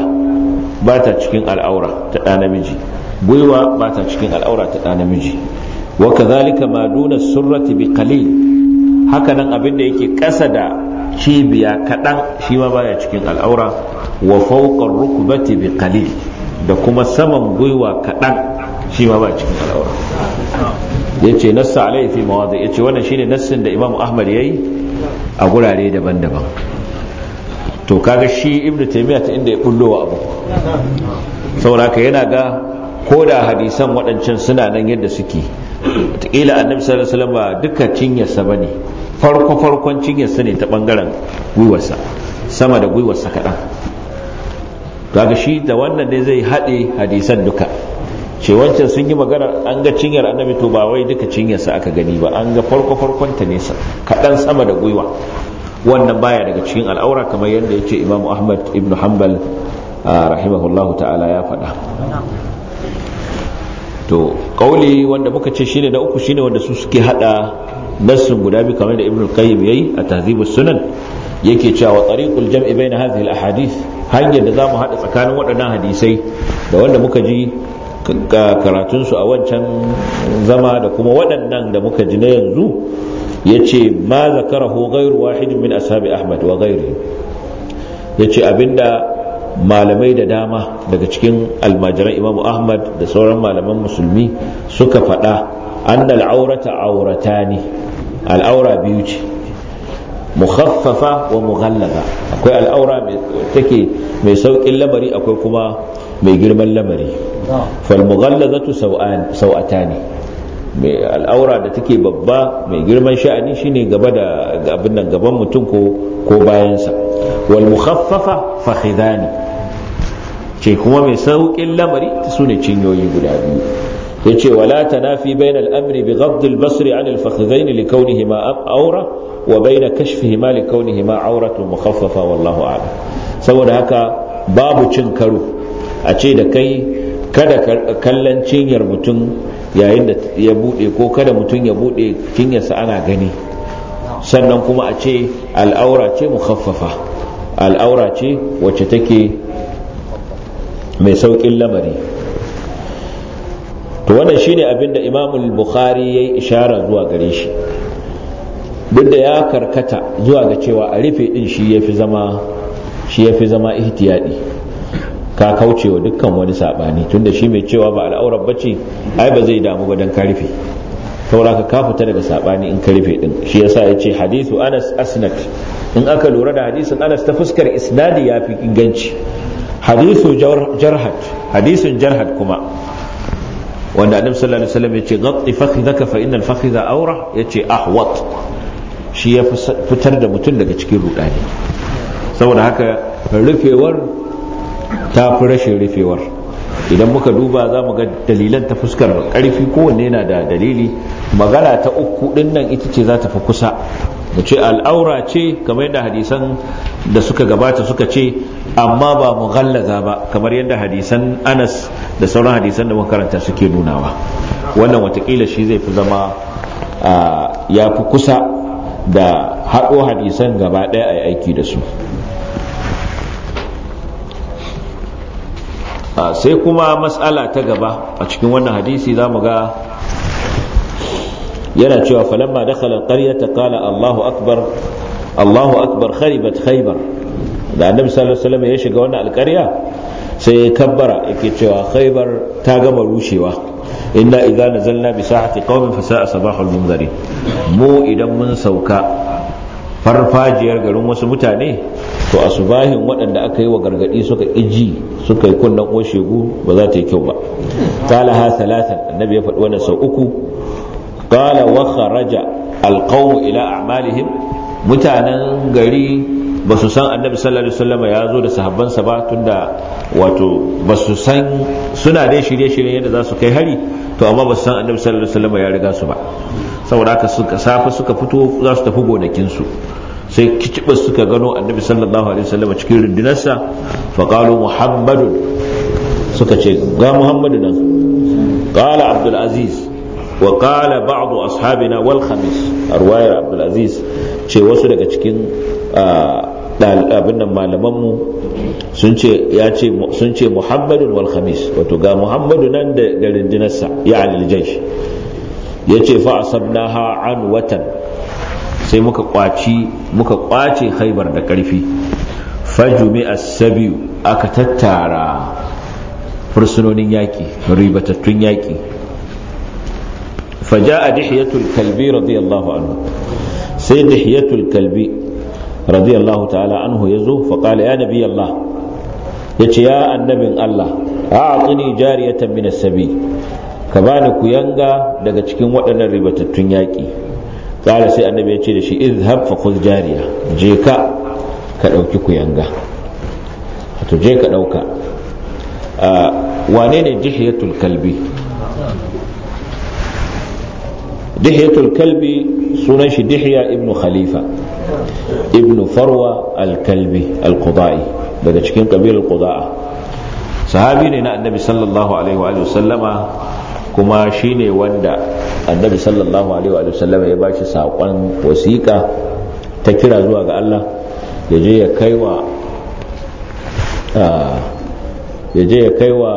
ba ta cikin al'aura ta ɗa namiji gwiwa ba ta cikin al'aura ta ɗa namiji wa kadhalika ma duna surrati bi qalil haka nan abin da yake ƙasa da cibiya kaɗan shi ma baya cikin al'aura wa fawqa rukbati bi qalil da kuma saman gwiwa kaɗan shi ma ba cikin al'aura ya ce nassa alaihi fi mawadi ya ce wannan shine nassin da imam ahmad yayi a gurare daban-daban to kaga shi ibn taymiya ta inda ya bullo wa abu saboda yana ga ko da hadisan waɗancan suna nan yadda suke taƙila annabi sallallahu alaihi wasallam duka cinyarsa bane farko farkon cinyarsa ne ta bangaren gwiwarsa sama da gwiwarsa kaɗan kaga shi da wannan ne zai haɗe hadisan duka ce wancan sun yi magana an ga cinyar annabi to ba wai duka cinyarsa aka gani ba an ga farko farkon ta nesa kaɗan sama da gwiwa wannan baya daga cikin al'aura kamar yadda ya ce imamu ahmad ibn hanbal rahimahullahu ta'ala ya faɗa to kauli wanda muka ce shine na uku shine wanda su suke haɗa nassin guda biyu kamar da ibn qayyim yayi a tahzibus sunan yake cewa tariqul jam'i baina hadhihi al ahadith hanyar da za mu haɗa tsakanin waɗannan hadisai da wanda muka ji karatunsu a wancan zama da kuma waɗannan da muka ji na yanzu ya ce ma zakarahu gairu wahidin min ashabi ahmad wa gairi ya ce abinda malamai da dama daga cikin almajiran imamu ahmad da sauran malaman musulmi suka faɗa an aurata aurata ne al'aura biyu ce mukhaffafa wa mughallaza akwai al'aura take mai saukin lamari akwai kuma mai girman lamari fal mughallazatu sau'an sau'atani mai al'aura da take babba mai girman sha'ani shine gaba da abin nan gaban mutum ko ko bayansa wal mukhaffafa fakhidani ce kuma mai saukin lamari su ne cinyoyi guda biyu yace wala tanafi bayna al-amri bi ghadd al-basri 'an al-fakhidhayn li kawnihima awra wa bayna kashfihima li kawnihima awratun mukhaffafa wallahu a'lam saboda haka babu cin karo a ce da kai kada kallon cinyar mutum yayin da ya bude ko kada mutum ya bude cinyarsa ana gani sannan kuma a ce al'aura ce mukhaffafa al'aura ce wacce take mai saukin lamari to wannan shine abin da imam bukhari ya yi ishara zuwa gare shi duk da ya karkata zuwa ga cewa a rufe din shi ya fi zama shi ya fi zama ihtiyadi ka kaucewa dukkan wani sabani tunda shi mai cewa ba al'aurar bace ai ba zai damu ba dan ka rufe saboda ka ka fita daga sabani in ka rufe din shi yasa ya ce hadithu anas asnat in aka lura da hadisin anas ta fuskar isnadi ya fi inganci hadithu jarhat hadisun jarhat kuma wanda annabi sallallahu alaihi wasallam yace ghatti fakhidaka fa innal fakhidha awra yace ahwat shi ya fitar da mutum daga cikin rudani saboda haka rufewar ta fi rashin rufewar idan muka duba za mu ga dalilan ta fuskar karfi kowanne yana da dalili magana ta uku din ita ce za ta fi kusa Muce ce al'aura ce kamar yadda hadisan da suka gabata suka ce amma ba mu gallaza ba kamar yadda hadisan anas da sauran hadisan da makaranta karanta suke nunawa wannan watakila shi zai fi zama ya fi kusa da haɗo hadisan gaba ɗaya a yi aiki da su sai kuma matsala ta gaba a cikin wannan hadisi za mu ga yana cewa falamma dakhala alqaryata qala Allahu akbar Allahu akbar kharibat khaybar da annabi sallallahu alaihi wasallam ya shiga wannan alqarya sai ya kabbara yake cewa khaybar ta gama rushewa inna idza nazalna bi sa'ati qaumin fa sa'a sabahul munzari mu idan mun sauka farfajiyar garin wasu mutane to asubahin waɗanda aka yi wa gargadi suka iji suka yi kunnan oshegu ba za ta yi kyau ba qala ha annabi ya faɗi wannan sau uku kala wa kharaja alqawm ila a'malihim mutanen gari ba su san annabi sallallahu alaihi wasallam ya zo da sahabansa ba tunda wato ba su san suna dai shirye-shirye yadda za su kai hari to amma ba su san annabi ya riga su ba saboda haka suka safa suka fito za su tafi gonakin su sai kiciba suka gano annabi sallallahu alaihi wasallam cikin rundunarsa fa qalu muhammadun suka ce ga muhammadu nan qala abdul aziz wa qala ba'du ashabina wal khamis arwayar abdul ce wasu daga cikin abin nan malamanmu sun ce Muhammadu ce wato ga muhammadu nan da da rindinarsa ya alil jaish ya ce fa asabnaha an watan sai muka kwaci muka kwace khaibar da karfi fajumi as-sabiyu aka tattara fursunonin yaki ribatattun yaƙi. faja'a dihiyatul kalbi radiyallahu anhu sai dihiyatul kalbi radiyallahu ta'ala anhu yazo fa qala ya nabi Allah yace ya annabin Allah a'tini jariyatan min as-sabi ka bani kuyanga daga cikin waɗannan ribatattun yaƙi qala sai annabi ya ce da shi izhab fa khudh jariya je ka ka ɗauki kuyanga wato je ka ɗauka wane ne jihiyatul kalbi dihiyatul kalbi sunan shi dihiya ibnu khalifa ibnu farwa al-kalbi al-qudai daga cikin kabilar qudaa sahabi ne na annabi sallallahu alaihi wa sallama kuma shine wanda annabi sallallahu alaihi wa sallama ya bashi saƙon wasiƙa ta kira zuwa ga Allah ya je ya kaiwa ya je ya kaiwa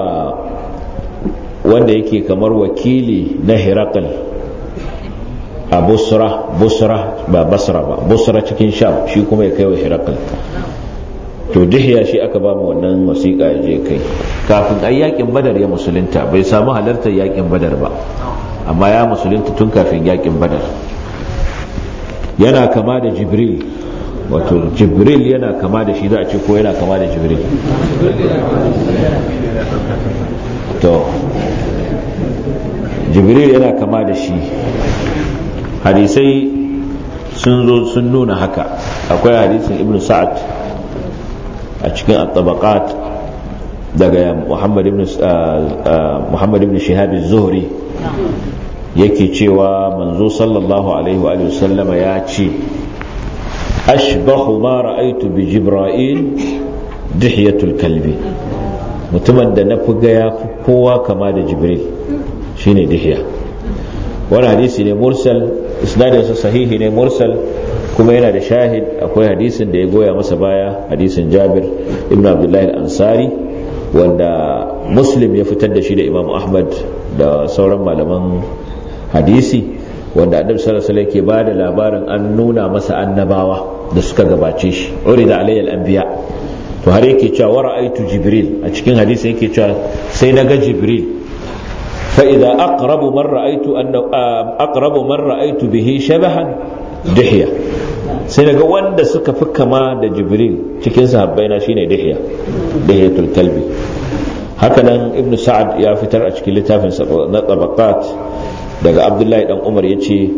wanda yake kamar wakili na Herakl a busra busra ba basra ba busra cikin sham shi kuma ya kai wa hirakal to dihya shi aka ba mu wannan wasiƙa ya je kai kafin ai yakin badar ya musulunta bai samu halartar yakin badar ba amma ya musulunta tun kafin yakin badar yana kama da jibril wato jibril yana kama da shi za a ce ko yana kama da jibril to jibril yana kama da shi hadisai sun zo sun nuna haka akwai hadisin ibn sa'ad a cikin at-tabaqat daga muhammad ibn uh, uh, muhammad ibn shihab az-zuhri yake cewa manzo sallallahu alaihi wa sallama ya ce ashbahu ma ra'aytu bi jibra'il dihyatul kalbi mutumin da na fi ga fi kowa kama da jibril shine dihya wani hadisi ne mursal isnadin sa sahihi ne mursal kuma yana da shahid akwai hadisin da ya goya masa baya hadisin Jabir ibn Abdullahi al-Ansari wanda Muslim ya fitar da shi da Imam Ahmad da sauran malaman hadisi wanda Annabi sallallahu alaihi ke bada labarin an nuna masa annabawa da suka gabace shi urida alayhi al-anbiya to har yake cewa wa ra'aytu Jibril a cikin hadisi yake cewa sai na ga Jibril fa'ida أقرب من رأيت أن أقرب من sai daga wanda suka fi kama da jibril cikin sahabbaina shine dihiya dihiyatul kalbi haka nan ibnu sa'ad ya fitar a cikin littafin na tabaqat daga abdullahi ɗan umar ya ce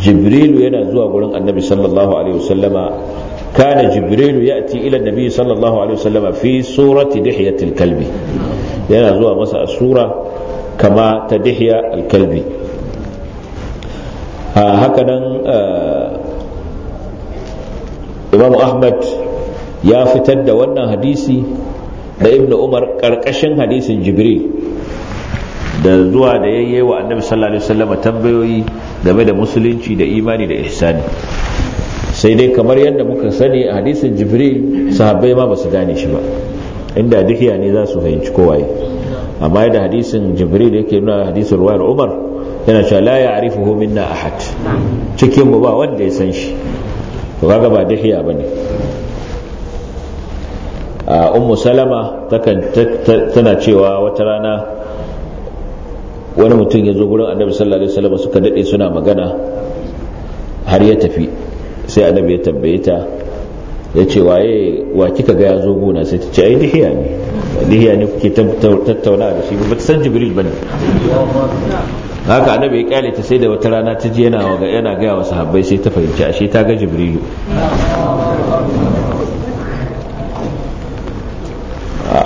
jibrilu yana zuwa gurin annabi sallallahu alaihi wasallama kana jibrilu ya'ti ila annabi sallallahu alaihi wasallama fi surati dihiyatil kalbi yana zuwa masa a sura kama ta dihiya alkalbi haka nan imam ahmad ya fitar da wannan hadisi da ibn umar karkashin hadisin jibril da zuwa da yayye wa annabi sallallahu alaihi wasallam tambayoyi game da musulunci da imani da ihsani sai dai kamar yadda muka sani a hadisin jibril sahabbai ma basu gane shi ba inda dukiya ne za su fahimci kowaye amma yadda hadisin jibril yake nuna hadisin ruwayar umar yana cewa la ya'rifuhu minna ahad cikin mu ba wanda ya san shi to kaga ba dihiya bane a ummu salama tana cewa wata rana wani mutum ya zo gurin annabi sallallahu alaihi wasallam suka dade suna magana har ya tafi sai annabi ya tambaye ta ya ce waye wa kika ga ya zo gona sai ta ce ai dihiya ne dihiya ne kuke tattauna da shi ba ta san jibril bane haka annabi ya kyale ta sai da wata rana ta ji yana ga yana ga wasu habbai sai ta fahimci ashe ta ga jibrilu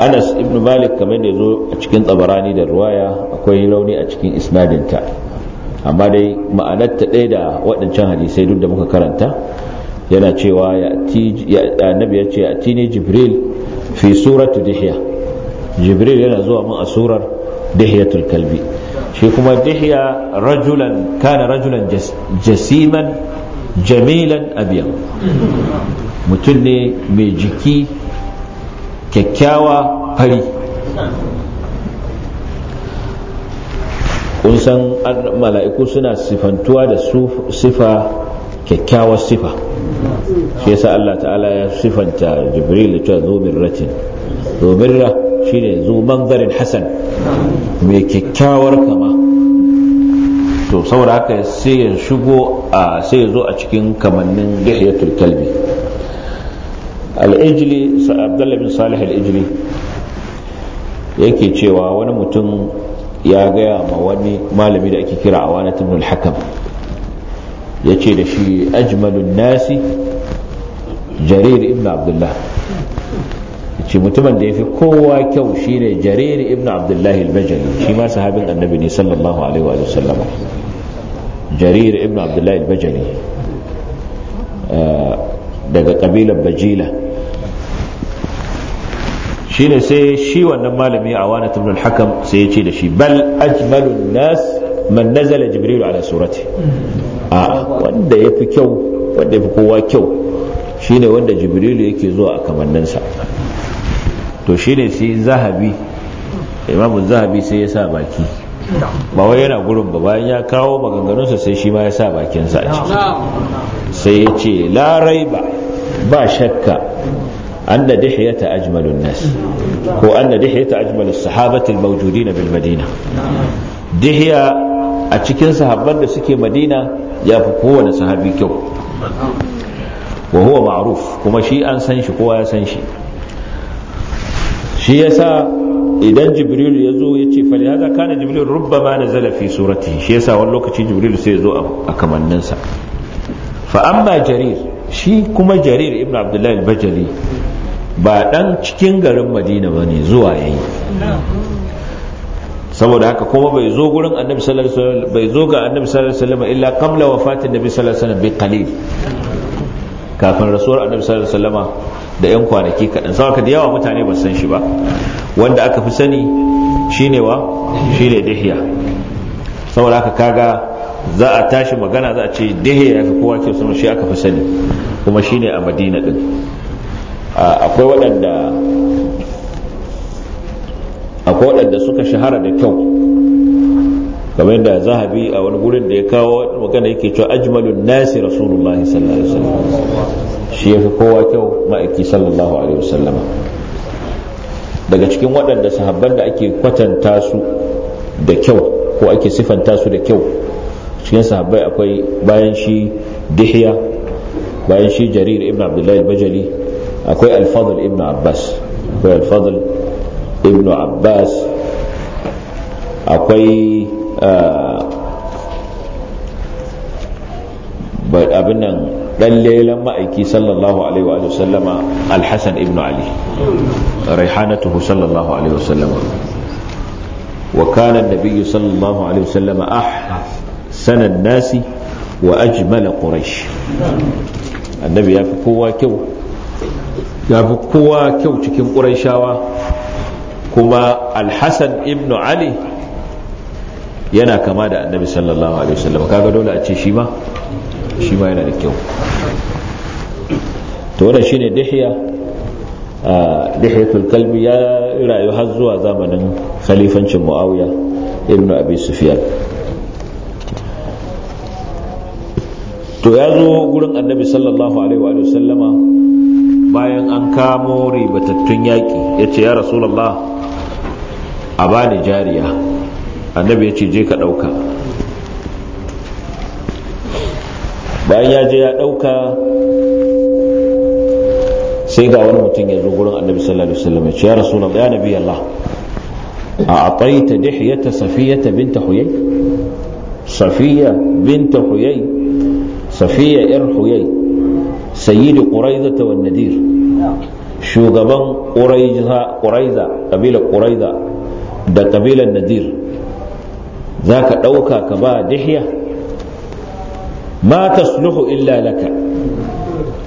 Anas ibn Malik kamar da zo a cikin tsabarani da ruwaya akwai rauni a cikin isnadinta amma dai ma'anarta ɗaya da waɗancan hadisai duk da muka karanta yana cewa annabi ya ce atini jibril fi suratu dihya jibril yana zuwa mun a surar dihiyatul kalbi shi kuma dihiya rajulan kana rajulan jasiman jamilan abiyan mutum ne mai jiki kyakkyawa fari kun san mala'iku suna sifantuwa da sifa kyakkyawar sifa shi yasa Allah ta'ala ya sifanta jibril ta ratin, birratin ra shi ne zuban zarin hasan mai kyakkyawar kama to saboda haka sai ya shigo a sai ya zo a cikin kamannin yahiyatul kalbi al-ijli abdullah bin salih al-ijli yake cewa wani mutum ya gaya ma wani malami da ake kira a wani hakan. ya ce da shi ajmalun nasi jarir ibn abdullah ce mutumin da ya fi kowa kyau shi ne jarir ibn abdullah al-bajali shi ma sahabin annabi ne sallallahu alaihi wa sallama jariri ibn abdullah al-bajali eh, daga kabilar bajila shi ne sai shi wannan malami a wani ibn al-hakam sai ya ce da shi bal ajmalun nas man nazala jibril ala surati a wanda ya fi kyau wanda ya fi kowa kyau shine wanda jibrilu yake zuwa a kamanninsa to shine sai zahabi imamun zahabi sai ya sa baki ba yana gurin ba bayan ya kawo maganganunsa sai shi ma ya sa bakinsa a ciki sai ya ce larai ba ba shakka an da أجمل ta هو أن maujudi na Bilmadina. الموجودين a cikin sahabban da suke madina ya fi kowane sahabi kyau wa huwa ma'ruf kuma shi an san shi kowa ya san shi shi yasa idan jibril ya zo ya ce fali haza kana jibril rubbama na fi surati shi yasa wani lokaci jibril sai ya zo a kamanninsa fa amma jarir shi kuma jarir ibn abdullahi bajali ba dan cikin garin madina ba ne zuwa yayi saboda haka kuma bai zo gurin annabi sallallahu alaihi wasallam bai zo ga annabi sallallahu alaihi wasallam illa qabla wafati nabi sallallahu alaihi wasallam bi qalil kafin rasuwar annabi sallallahu alaihi wasallam da yan kwanaki kadan saboda da yawa mutane ba san shi ba wanda aka fi sani shine wa shine dihiya saboda haka kaga za a tashi magana za a ce dihiya ya fi kowa ke sunan shi aka fi sani kuma shine a madina din akwai waɗanda akwai waɗanda suka shahara da kyau kamar yadda zahabi a wani gurin da ya kawo magana yake cewa ajmalun nasi rasulullahi sallallahu alaihi wasallam shi ya fi kowa kyau ma'aiki sallallahu alaihi wasallam daga cikin waɗanda sahabban da ake kwatanta su da kyau ko ake sifanta su da kyau cikin sahabbai akwai bayan shi dihiya bayan shi jarir ibn abdullahi bajali akwai alfadl ibn abbas akwai alfadl ibn abbas akwai ah, abin nan dan lelan ma'aiki sallallahu alaihi wa sallama alhassan ibn ali raihanatuhu sallallahu alaihi wa sallama wa kana nabiyyu sallallahu alaihi wa sallama ahsanan nasi wa ajmala quraish annabi ya fi kowa kyau ya fi kowa kyau cikin ƙurashawa. kuma alhassan ibnu ali yana kama da annabi sallallahu alaihi wasallam kaga dole a ce shi ma shi ma yana da kyau to wannan shine dihya dihyatul kalbi ya rayu har zuwa zamanin khalifancin muawiya ibnu abi sufyan to ya zo gurin annabi sallallahu alaihi wa bayan an kamo ribatattun yaƙi ya ce ya rasulallah a bani jariya annabi ya ce je ka ɗauka bayan ya je ya ɗauka sai ga wani mutum ya zo gurin annabi sallallahu alaihi wasallam ya ce ya rasulullah ya nabi Allah a ataita dihyata safiyata binta huyai safiya binta huyai safiya yar huyai sayyidi quraizata wan nadir shugaban quraiza quraiza kabilar da kabilar nadir za ka ɗauka ka ba dihiya ma tasluhu illa laka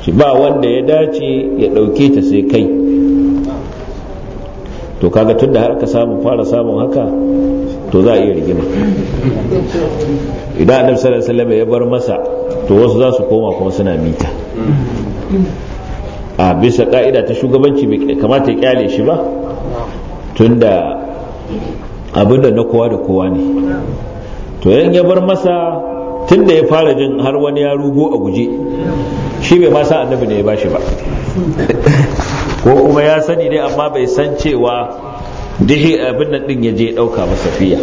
shi ba wanda ya dace ya ɗauke ta sai kai to kaga tunda har ka samu fara samun haka to za a iya rigima idan annabi sallallahu alaihi wasallam ya bar masa to wasu za su koma kuma suna mita a bisa ka'ida ta shugabanci bai kamata ya kyale shi ba tunda Abinda na kowa da kowa ne to yan ya bar masa tun da ya fara jin har wani ya rugo a guje shi bai masa annabi ne ya bashi ba ko kuma ya sani dai amma bai san cewa dihi abin nan din ya je dauka masa fiya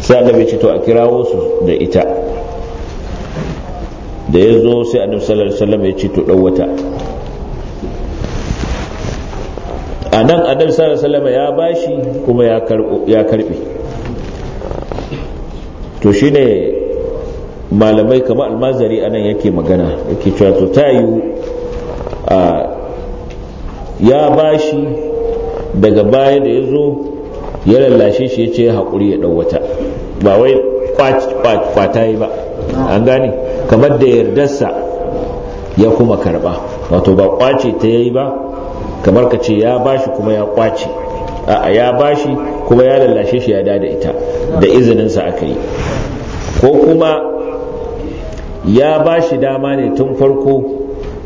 sai annabi ce to a kirawo su da ita da ya zo sai annabi sallallahu alaihi wasallam ya ce to dau wata a nan annabi sallallahu salama ya bashi kuma ya karbe to shine malamai kama almazari a nan yake magana yake cewa to ta ya bashi daga baya da ya zo ya lallashe shi ya ce haƙuri ya ɗau ba wai kwata yi ba an gane kamar da yardarsa ya kuma karɓa wato ba kwace ta yi ba kamar ka ce ya bashi kuma ya kwace a ya bashi kuma ya lallashe shi ya da da ita da izininsa aka yi ko kuma ya bashi dama ne tun farko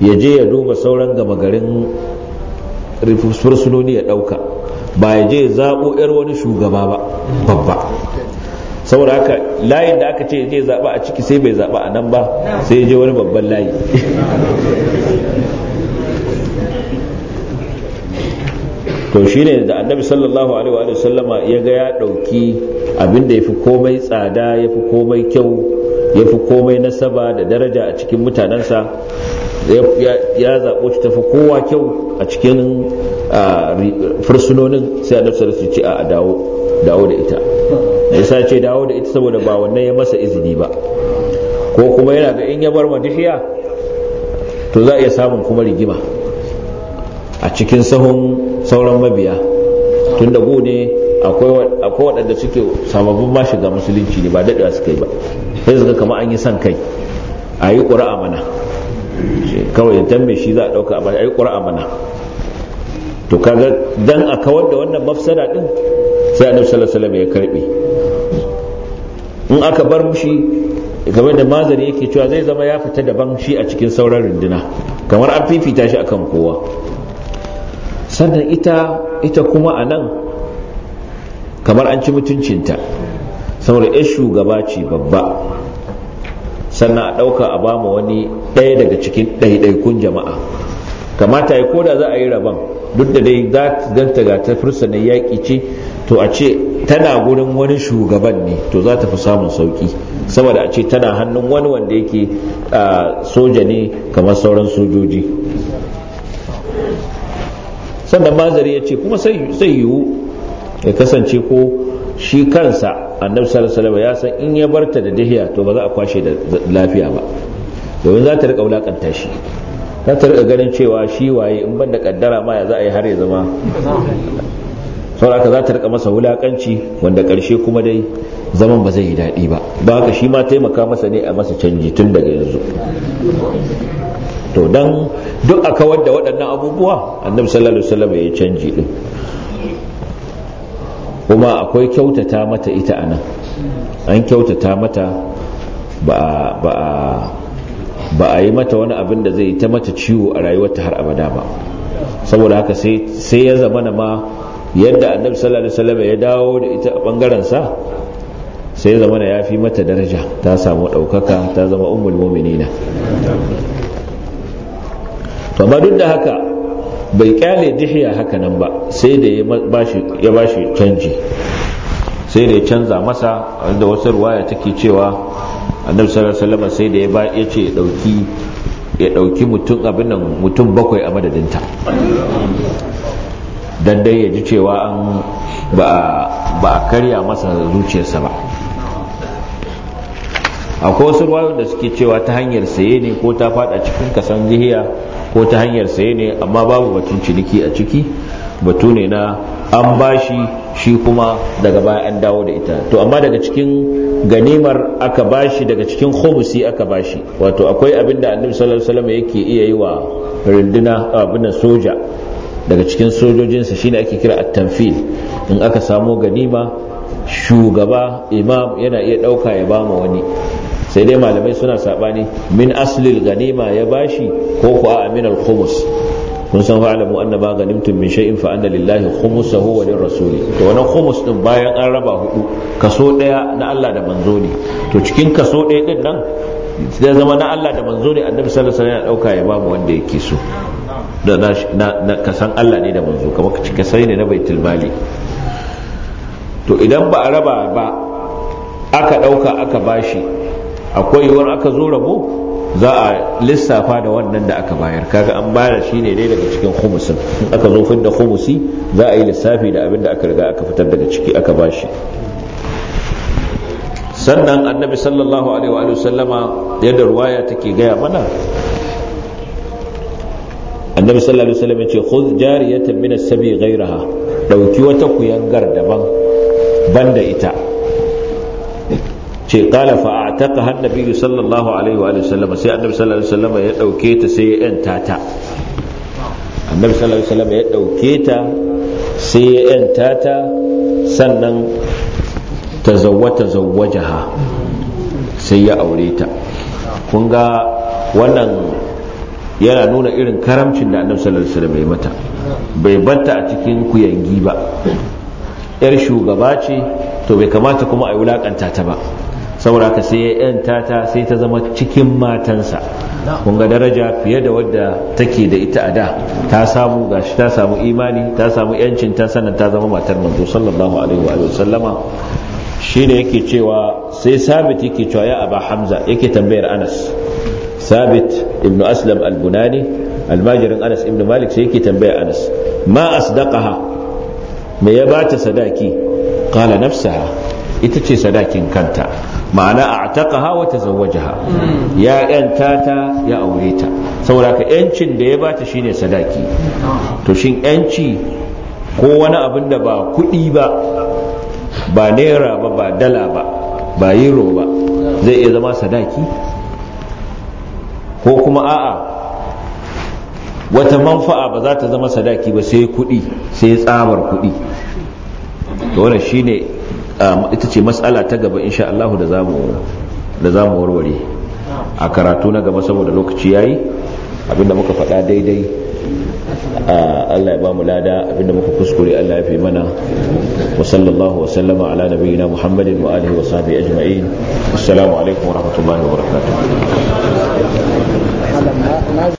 ya je ya duba sauran gama garin fursunoni ya ɗauka ba ya je zaɓo 'yar wani shugaba ba babba saboda haka layin da aka ce ya je zaɓa a ciki sai bai zaɓa a nan ba sai ya je wani babban layi to shi ne da annabi sallallahu alaihi wa sallama ya ga ya ɗauki abinda da ya fi komai tsada ya fi komai kyau ya fi komai nasaba da daraja a cikin mutanensa ya zaɓo shi tafi kowa kyau a cikin fursunonin sai annabi sallallahu ce a dawo da ita sa ce dawo da ita saboda ba wannan ya masa izini ba ko kuma yana ga in ya bar madishiya to za a iya samun kuma rigima a cikin sahun sauran mabiya tun gu ne akwai waɗanda suke sababbin ma shiga musulunci ne ba daɗewa suka yi ba sai suka kama an yi son kai a yi ƙura'a mana kawai dan mai shi za a ɗauka a yi ƙura'a mana to kaga dan a kawar da wannan mafsada ɗin sai annabi sallallahu alaihi ya karbe in aka bar shi game da mazari yake cewa zai zama ya fita daban shi a cikin sauran runduna kamar an fifita shi akan kowa sannan ita ita kuma a nan kamar an ci mutuncinta saboda ya shugaba ce babba sannan a ɗauka a bama wani ɗaya daga cikin ɗaiɗaikun jama'a kamata ya koda za a yi rabon duk da dai za ta ga ta na yaƙi ce to a ce tana gurin wani shugaban ne to za ta fi samun sauƙi saboda a ce tana hannun wani wanda yake soja ne kamar sauran sojoji sannan mazari ya ce kuma sai yiwu ya kasance ko shi kansa annabi sallallahu alaihi ya san in ya barta da dahiya to ba za a kwashe da lafiya ba domin za ta rika wulakanta shi za ta rika ganin cewa shi waye in ban da kaddara ma ya za a yi har ya zama sauraka za ta rika masa wulakanci wanda karshe kuma dai zaman ba zai yi daɗi ba ba haka shi ma taimaka masa ne a masa canji tun daga yanzu to dan duk a kawar da waɗannan abubuwa annabi sallallahu alaihi wasallam ya canji din kuma akwai kyautata mata ita anan an kyautata mata ba ba ba a yi mata wani abin da zai yi ta mata ciwo a rayuwarta har abada ba saboda haka sai ya zama na ma yadda annabi sallallahu alaihi wasallam ya dawo da ita a bangaren sa sai ya zama ya fi mata daraja ta samu ɗaukaka ta zama ummul mu'minina to amma duk da haka bai kyale dihiya haka nan ba sai da ya bashi canji sai da ya canza masa da wasu ruwaya take cewa annabi sallallahu alaihi wasallam sai da ya ba ya ce ya dauki ya dauki mutum abin nan mutum bakwai a madadinta dan dai ya ji cewa an ba ba karya masa zuciyarsa ba akwai wasu ruwayoyi da suke cewa ta hanyar saye ne ko ta fada cikin kasan jihiya ko ta hanyar saye ne amma babu batun ciniki a ciki batu ne na an bashi shi kuma daga baya an dawo da ita to amma daga cikin ganimar aka bashi daga cikin khumusi aka bashi wato akwai abin da annabi sallallahu alaihi yake iya yi wa rinduna abin soja daga cikin sojojinsa shine ake kira at-tanfil in aka samu ganima shugaba imam yana iya dauka ya bama wani sai dai malamai suna saɓani min aslil ganima ya bashi ko kuwa a min al khumus kun san fa alamu anna ma ganimtum min shay'in fa anna lillahi khumusahu wa lirrasuli to wannan khumus din bayan an raba hudu kaso daya na Allah da manzo ne to cikin kaso daya din nan sai zama na Allah da manzo ne annabi sallallahu alaihi wasallam ya dauka ya ba mu wanda yake so da na kasan Allah ne da manzo kamar ka sai ne na baitul mali to idan ba a raba ba aka dauka aka bashi akwai yiwuwar aka zo rabo za a lissafa da wannan da aka bayar kaga an bayar shi ne dai daga cikin khumusin in aka zo da khumusi za a yi lissafi da abin da aka riga aka fitar daga ciki aka bashi sannan annabi sallallahu alaihi wa sallama yadda ruwaya take gaya mana annabi sallallahu alaihi wasallam yace khudh jariyatan min as-sabi ghayraha dauki wata kuyangar daban banda ita ce kala fa ataka biyu, sallallahu alaihi wa sallam sai annabi sallallahu alaihi wasallam ya dauke ta sai ya yanta ta annabi sallallahu alaihi wasallam ya dauke ta sai ya yanta ta sannan tazawwata zawwajaha sai ya aure ta kun ga wannan yana nuna irin karamcin da annabi sallallahu alaihi wasallam ya mata bai batta a cikin kuyangi ba yar shugaba ce to bai kamata kuma a yi wulakanta ta ba saboda ka sai ya yanta ta sai ta zama cikin matansa kun ga daraja fiye da wadda take da ita a da ta samu gashi ta samu imani ta samu yancin ta sannan ta zama matar manzo sallallahu alaihi wa sallama ne yake cewa sai sabit yake cewa ya aba hamza yake tambayar anas sabit ibnu aslam al-bunani almajirin anas ibnu malik sai yake tambaya anas ma asdaqaha me ya bata sadaki qala nafsaha ita ce sadakin kanta ma'ana a a'taqaha wa ha, ya yanta ta ya aure ta saboda ka yancin da ya bata shine sadaki to shin yanci ko wani abin da ba kuɗi ba ba naira ba ba dala ba ba yiro ba zai iya zama sadaki ko kuma a'a wata manfa'a ba za ta zama sadaki ba sai kuɗi sai tsabar kuɗi to wannan shine Um, ita ce matsala ta gaba insha Allah da za mu warware a karatu na gaba saboda lokaci yayi abinda muka faɗa daidai uh, Allah ya ba mu lada abinda muka kuskure Allah ya fi mana wa sallallahu wa sallama ala nabiyyina Muhammadin wa alihi wa sahbihi ajma'in assalamu alaikum wa rahmatullahi wa barakatuh